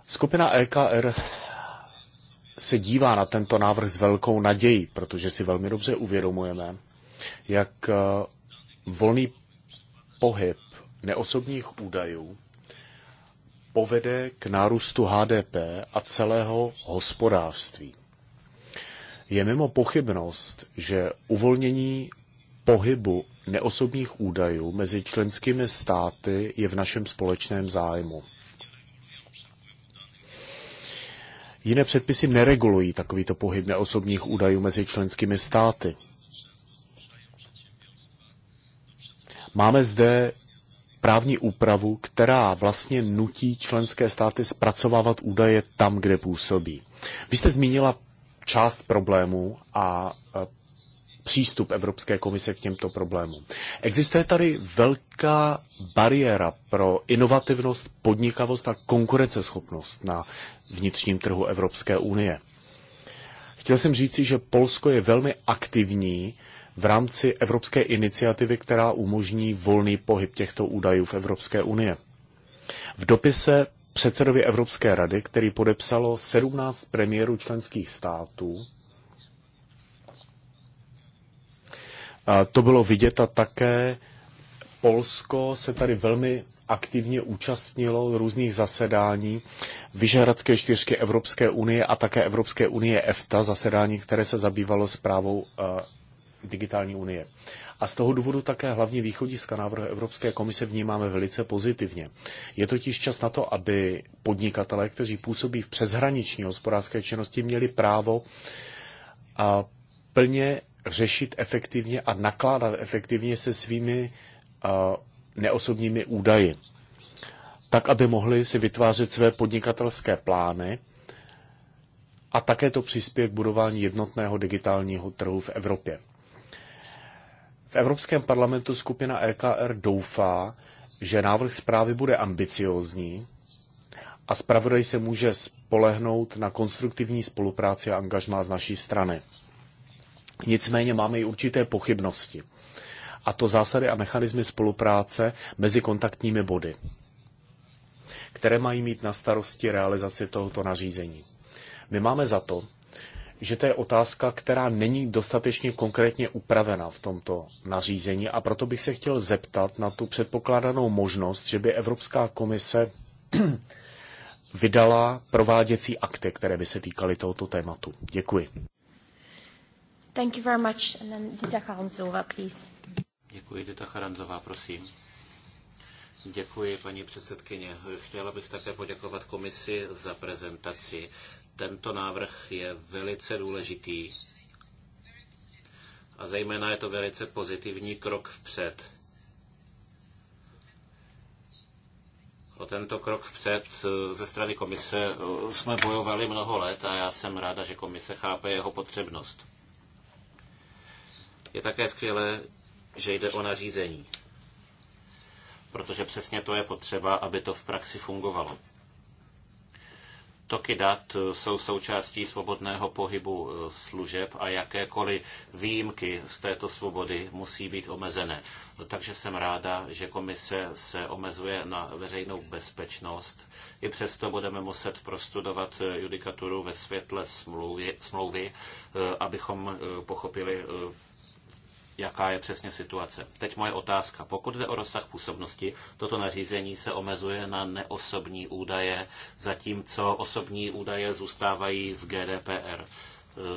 Skupina EKR se dívá na tento návrh s velkou nadějí, protože si velmi dobře uvědomujeme, jak eh, volný pohyb neosobních údajů povede k nárůstu HDP a celého hospodářství. Je mimo pochybnost, že uvolnění pohybu neosobních údajů mezi členskými státy je v našem společném zájmu. Jiné předpisy neregulují takovýto pohyb neosobních údajů mezi členskými státy. Máme zde právní úpravu, která vlastně nutí členské státy zpracovávat údaje tam, kde působí. Vy jste zmínila část problémů a přístup Evropské komise k těmto problémům. Existuje tady velká bariéra pro inovativnost, podnikavost a konkurenceschopnost na vnitřním trhu Evropské unie. Chtěl jsem říci, že Polsko je velmi aktivní v rámci evropské iniciativy, která umožní volný pohyb těchto údajů v Evropské unie. V dopise předsedovi Evropské rady, který podepsalo 17 premiérů členských států, to bylo vidět a také Polsko se tady velmi aktivně účastnilo různých zasedání Vyžehradské čtyřky Evropské unie a také Evropské unie EFTA, zasedání, které se zabývalo zprávou eh, digitální unie. A z toho důvodu také hlavní východiska návrhu Evropské komise vnímáme velice pozitivně. Je totiž čas na to, aby podnikatelé, kteří působí v přeshraniční hospodářské činnosti, měli právo a eh, plně řešit efektivně a nakládat efektivně se svými eh, neosobními údaji, tak aby mohli si vytvářet své podnikatelské plány a také to přispěje k budování jednotného digitálního trhu v Evropě. V Evropském parlamentu skupina EKR doufá, že návrh zprávy bude ambiciózní a zpravodaj se může spolehnout na konstruktivní spolupráci a angažmá z naší strany. Nicméně máme i určité pochybnosti a to zásady a mechanismy spolupráce mezi kontaktními body, které mají mít na starosti realizaci tohoto nařízení. My máme za to, že to je otázka, která není dostatečně konkrétně upravena v tomto nařízení a proto bych se chtěl zeptat na tu předpokládanou možnost, že by Evropská komise vydala prováděcí akty, které by se týkaly tohoto tématu. Děkuji.
Thank you very much. And then Dita Charanzova, please.
Děkuji, Dita Charanzová, prosím. Děkuji, paní předsedkyně. Chtěla bych také poděkovat komisi za prezentaci. Tento návrh je velice důležitý a zejména je to velice pozitivní krok vpřed. O tento krok vpřed eh, ze strany komise eh, jsme bojovali mnoho let a já jsem ráda, že komise chápe jeho potřebnost. Je také skvělé, že jde o nařízení. Protože přesně to je potřeba, aby to v praxi fungovalo. Toky dat eh, jsou součástí svobodného pohybu eh, služeb a jakékoliv výjimky z této svobody musí být omezené. Takže jsem ráda, že komise se omezuje na veřejnou bezpečnost. I přesto budeme muset prostudovat eh, judikaturu ve světle smlouvy, smlouvy abychom pochopili jaká je přesně situace. Teď moje otázka. Pokud jde o rozsah působnosti, toto nařízení se omezuje na neosobní údaje, zatímco osobní údaje zůstávají v GDPR.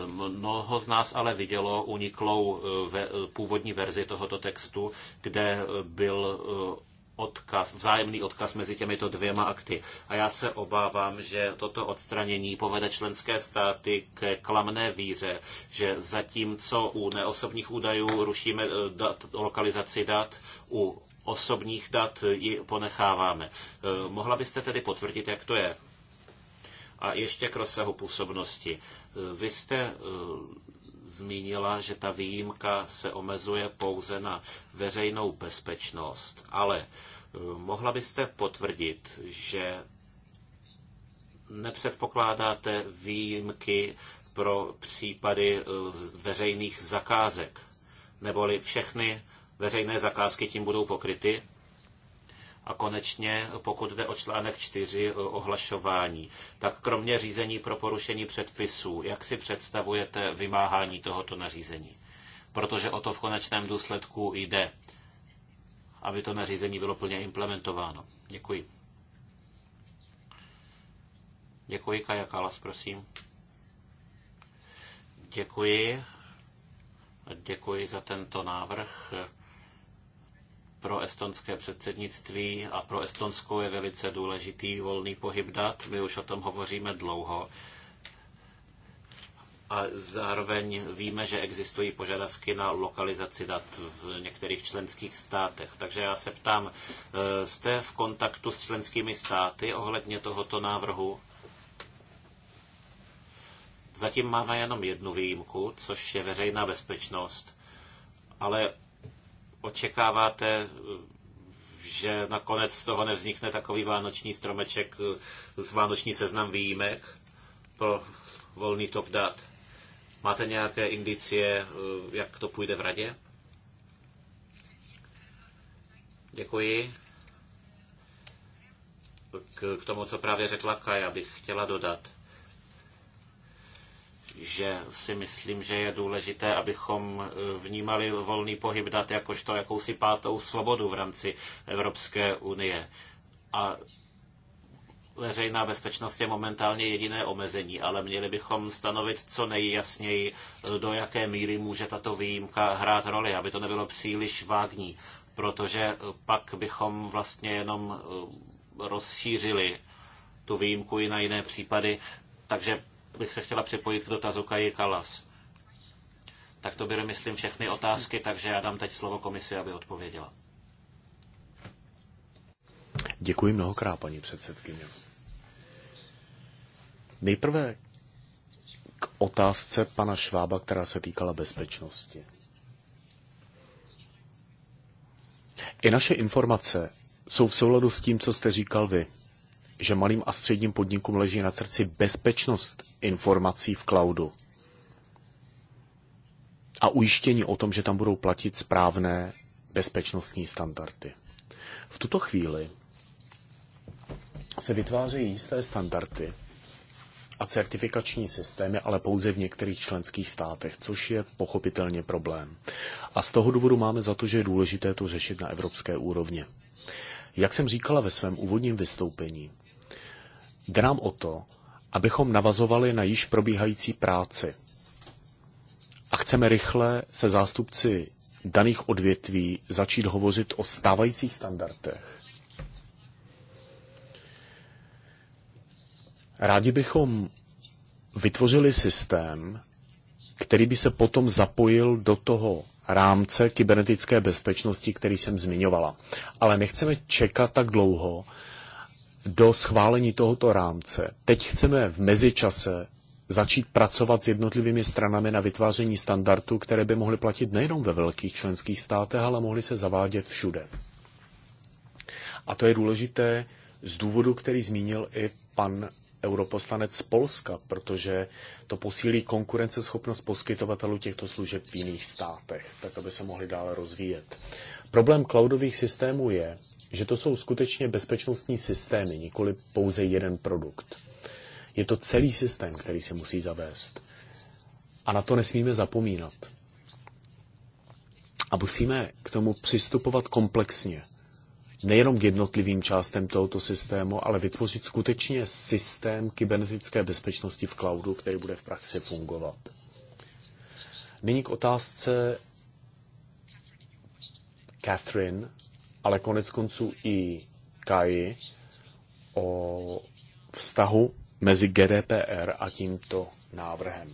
Mnoho z nás ale vidělo uniklou eh, eh, původní verzi tohoto textu, kde byl eh, odkaz, vzájemný odkaz mezi těmito dvěma akty. A já se obávám, že toto odstranění povede členské státy k klamné víře, že zatímco u neosobních údajů rušíme eh, dat, lokalizaci dat, u osobních dat ji ponecháváme. Eh, mohla byste tedy potvrdit, jak to je? A ještě k rozsahu působnosti. Eh, vy jste zmínila, že ta výjimka se omezuje pouze na veřejnou bezpečnost, ale eh, mohla byste potvrdit, že nepředpokládáte výjimky pro případy eh, veřejných zakázek, neboli všechny veřejné zakázky tím budou pokryty? A konečně, pokud jde o článek 4, ohlašování, tak kromě řízení pro porušení předpisů, jak si představujete vymáhání tohoto nařízení? Protože o to v konečném důsledku jde, aby to nařízení bylo plně implementováno. Děkuji. Děkuji, Kaja Kalas, prosím. Děkuji. Děkuji za tento návrh pro estonské předsednictví a pro Estonsko je velice důležitý volný pohyb dat. My už o tom hovoříme dlouho. A zároveň víme, že existují požadavky na lokalizaci dat v některých členských státech. Takže já se ptám, eh, jste v kontaktu s členskými státy ohledně tohoto návrhu? Zatím máme jenom jednu výjimku, což je veřejná bezpečnost. Ale očekáváte, že nakonec z toho nevznikne takový vánoční stromeček s vánoční seznam výjimek pro volný top dat? Máte nějaké indicie, jak to půjde v radě? Děkuji. K, k tomu, co právě řekla Kaja, bych chtěla dodat, že si myslím, že je důležité, abychom e, vnímali volný pohyb dat jakožto jakousi pátou svobodu v rámci Evropské unie. A veřejná bezpečnost je momentálně jediné omezení, ale měli bychom stanovit co nejjasněji, e, do jaké míry může tato výjimka hrát roli, aby to nebylo příliš vágní, protože pak bychom vlastně jenom e, rozšířili tu výjimku i na jiné případy. Takže bych se chtěla připojit k dotazu Kaji Kalas. Tak to byly, myslím, všechny otázky, takže já dám teď slovo komisi, aby odpověděla.
Děkuji mnohokrát, paní předsedkyně. Nejprve k otázce pana Švába, která se týkala bezpečnosti. I naše informace jsou v souladu s tím, co jste říkal vy že malým a středním podnikům leží na srdci bezpečnost informací v cloudu a ujištění o tom, že tam budou platit správné bezpečnostní standardy. V tuto chvíli se vytvářejí jisté standardy a certifikační systémy, ale pouze v některých členských státech, což je pochopitelně problém. A z toho důvodu máme za to, že je důležité to řešit na evropské úrovni. Jak jsem říkala ve svém úvodním vystoupení, Jde nám o to, abychom navazovali na již probíhající práci. A chceme rychle se zástupci daných odvětví začít hovořit o stávajících standardech. Rádi bychom vytvořili systém, který by se potom zapojil do toho rámce kybernetické bezpečnosti, který jsem zmiňovala. Ale nechceme čekat tak dlouho, do schválení tohoto rámce. Teď chceme v mezičase začít pracovat s jednotlivými stranami na vytváření standardů, které by mohly platit nejenom ve velkých členských státech, ale mohly se zavádět všude. A to je důležité z důvodu, který zmínil i pan europoslanec z Polska, protože to posílí konkurenceschopnost poskytovatelů těchto služeb v jiných státech, tak aby se mohli dále rozvíjet. Problém cloudových systémů je, že to jsou skutečně bezpečnostní systémy, nikoli pouze jeden produkt. Je to celý systém, který se musí zavést. A na to nesmíme zapomínat. A musíme k tomu přistupovat komplexně. Nejenom k jednotlivým částem tohoto systému, ale vytvořit skutečně systém kybernetické bezpečnosti v cloudu, který bude v praxi fungovat. Nyní k otázce Catherine, ale konec konců i Kai, o vztahu mezi GDPR a tímto návrhem.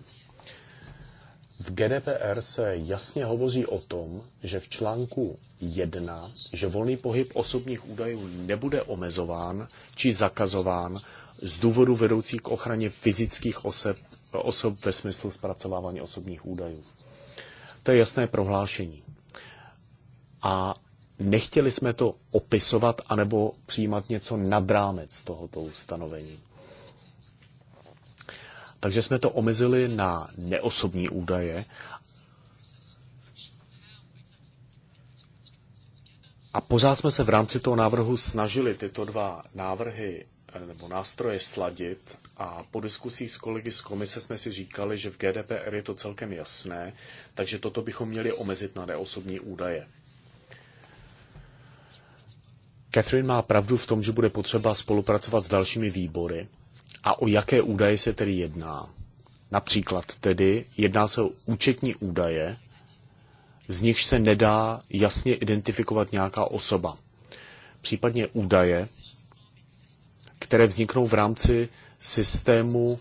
V GDPR se jasně hovoří o tom, že v článku 1, že volný pohyb osobních údajů nebude omezován či zakazován z důvodu vedoucí k ochraně fyzických osob, osob ve smyslu zpracovávání osobních údajů. To je jasné prohlášení a nechtěli jsme to opisovat anebo přijímat něco nad rámec tohoto ustanovení. Takže jsme to omezili na neosobní údaje a pořád jsme se v rámci toho návrhu snažili tyto dva návrhy eh, nebo nástroje sladit a po diskusích s kolegy z komise jsme si říkali, že v GDPR je to celkem jasné, takže toto bychom měli omezit na neosobní údaje. Catherine má pravdu v tom, že bude potřeba spolupracovat s dalšími výbory. A o jaké údaje se tedy jedná? Například tedy jedná se o účetní údaje, z nichž se nedá jasně identifikovat nějaká osoba. Případně údaje, které vzniknou v rámci systému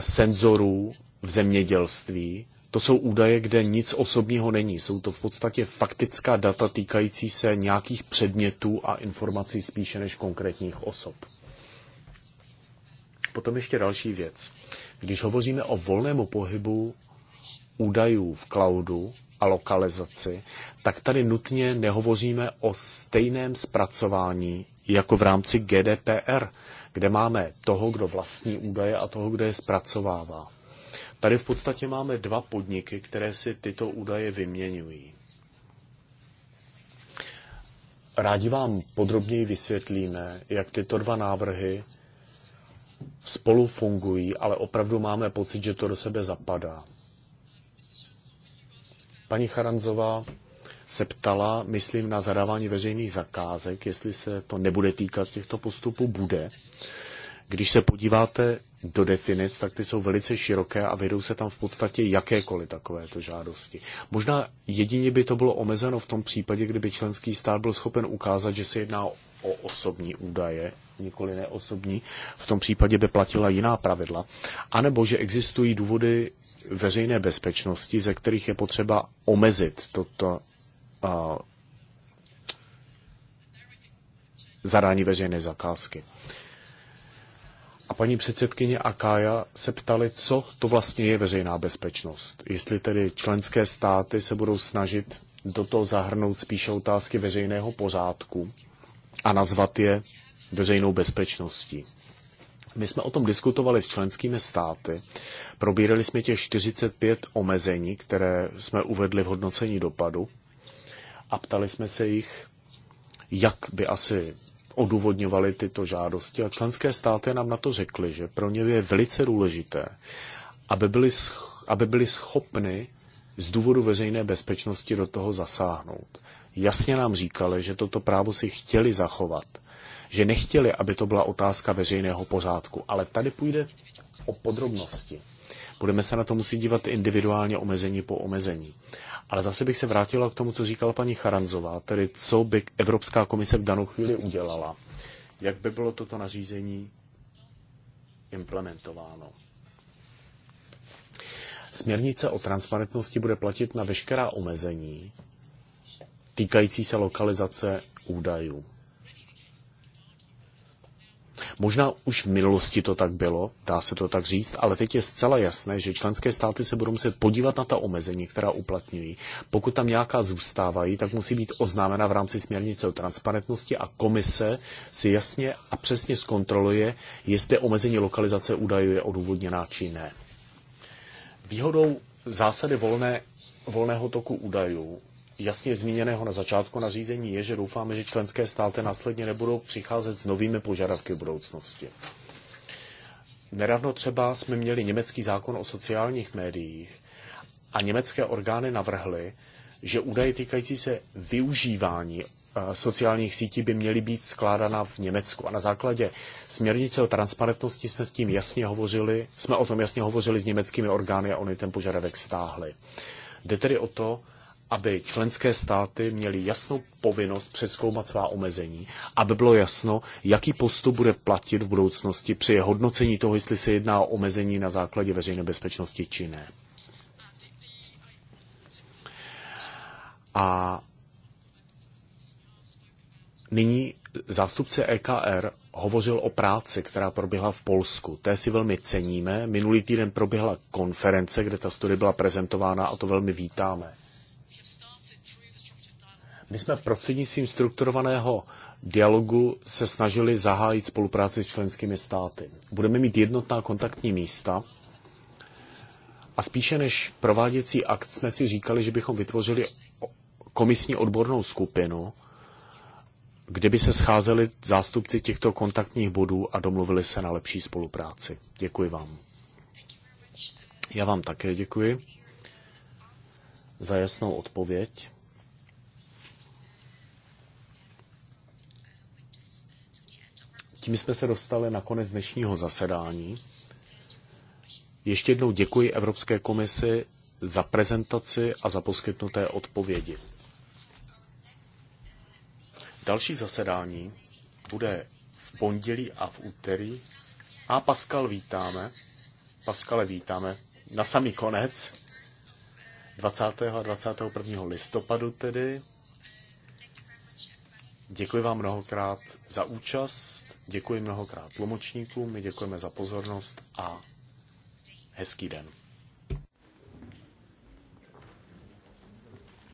senzorů v zemědělství, to jsou údaje, kde nic osobního není. Jsou to v podstatě faktická data týkající se nějakých předmětů a informací spíše než konkrétních osob. Potom ještě další věc. Když hovoříme o volnému pohybu údajů v cloudu a lokalizaci, tak tady nutně nehovoříme o stejném zpracování jako v rámci GDPR, kde máme toho, kdo vlastní údaje a toho, kdo je zpracovává. Tady v podstatě máme dva podniky, které si tyto údaje vyměňují. Rádi vám podrobněji vysvětlíme, jak tyto dva návrhy spolu fungují, ale opravdu máme pocit, že to do sebe zapadá. Paní Charanzová se ptala, myslím, na zadávání veřejných zakázek, jestli se to nebude týkat těchto postupů, bude. Když se podíváte do definic, tak ty jsou velice široké a vedou se tam v podstatě jakékoliv takovéto žádosti. Možná jedině by to bylo omezeno v tom případě, kdyby členský stát byl schopen ukázat, že se jedná o osobní údaje, nikoli neosobní. V tom případě by platila jiná pravidla. anebo že existují důvody veřejné bezpečnosti, ze kterých je potřeba omezit toto uh, zadání veřejné zakázky a paní předsedkyně Akája se ptali, co to vlastně je veřejná bezpečnost. Jestli tedy členské státy se budou snažit do toho zahrnout spíše otázky veřejného pořádku a nazvat je veřejnou bezpečností. My jsme o tom diskutovali s členskými státy, probírali jsme těch 45 omezení, které jsme uvedli v hodnocení dopadu a ptali jsme se jich, jak by asi odůvodňovali tyto žádosti a členské státy nám na to řekly, že pro ně je velice důležité, aby byli, sch- aby byly schopny z důvodu veřejné bezpečnosti do toho zasáhnout. Jasně nám říkali, že toto právo si chtěli zachovat, že nechtěli, aby to byla otázka veřejného pořádku, ale tady půjde o podrobnosti. Budeme se na to muset dívat individuálně omezení po omezení. Ale zase bych se vrátila k tomu, co říkala paní Charanzová, tedy co by Evropská komise v danou chvíli udělala. Jak by bylo toto nařízení implementováno? Směrnice o transparentnosti bude platit na veškerá omezení týkající se lokalizace údajů. Možná už v minulosti to tak bylo, dá se to tak říct, ale teď je zcela jasné, že členské státy se budou muset podívat na ta omezení, která uplatňují. Pokud tam nějaká zůstávají, tak musí být oznámena v rámci směrnice o transparentnosti a komise si jasně a přesně zkontroluje, jestli omezení lokalizace údajů je odůvodněná či ne. Výhodou zásady volné, volného toku údajů jasně zmíněného na začátku nařízení je, že doufáme, že členské státy následně nebudou přicházet s novými požadavky v budoucnosti. Nedávno třeba jsme měli německý zákon o sociálních médiích a německé orgány navrhly, že údaje týkající se využívání eh, sociálních sítí by měly být skládána v Německu. A na základě směrnice o transparentnosti jsme s tím jasně hovořili, jsme o tom jasně hovořili s německými orgány a oni ten požadavek stáhli. Jde tedy o to, aby členské státy měly jasnou povinnost přeskoumat svá omezení, aby bylo jasno, jaký postup bude platit v budoucnosti při hodnocení toho, jestli se jedná o omezení na základě veřejné bezpečnosti či ne. A nyní zástupce EKR hovořil o práci, která proběhla v Polsku. Té si velmi ceníme. Minulý týden proběhla konference, kde ta studie byla prezentována a to velmi vítáme. My jsme prostřednictvím strukturovaného dialogu se snažili zahájit spolupráci s členskými státy. Budeme mít jednotná kontaktní místa a spíše než prováděcí akt jsme si říkali, že bychom vytvořili komisní odbornou skupinu, kde by se scházeli zástupci těchto kontaktních bodů a domluvili se na lepší spolupráci. Děkuji vám. Já vám také děkuji za jasnou odpověď. Tím jsme se dostali na konec dnešního zasedání. Ještě jednou děkuji Evropské komisi za prezentaci a za poskytnuté odpovědi. Další zasedání bude v pondělí a v úterý. A Pascal vítáme. Pascale vítáme na samý konec 20. a 21. listopadu tedy. Děkuji vám mnohokrát za účast, děkuji mnohokrát tlumočníkům, my děkujeme za pozornost a hezký den.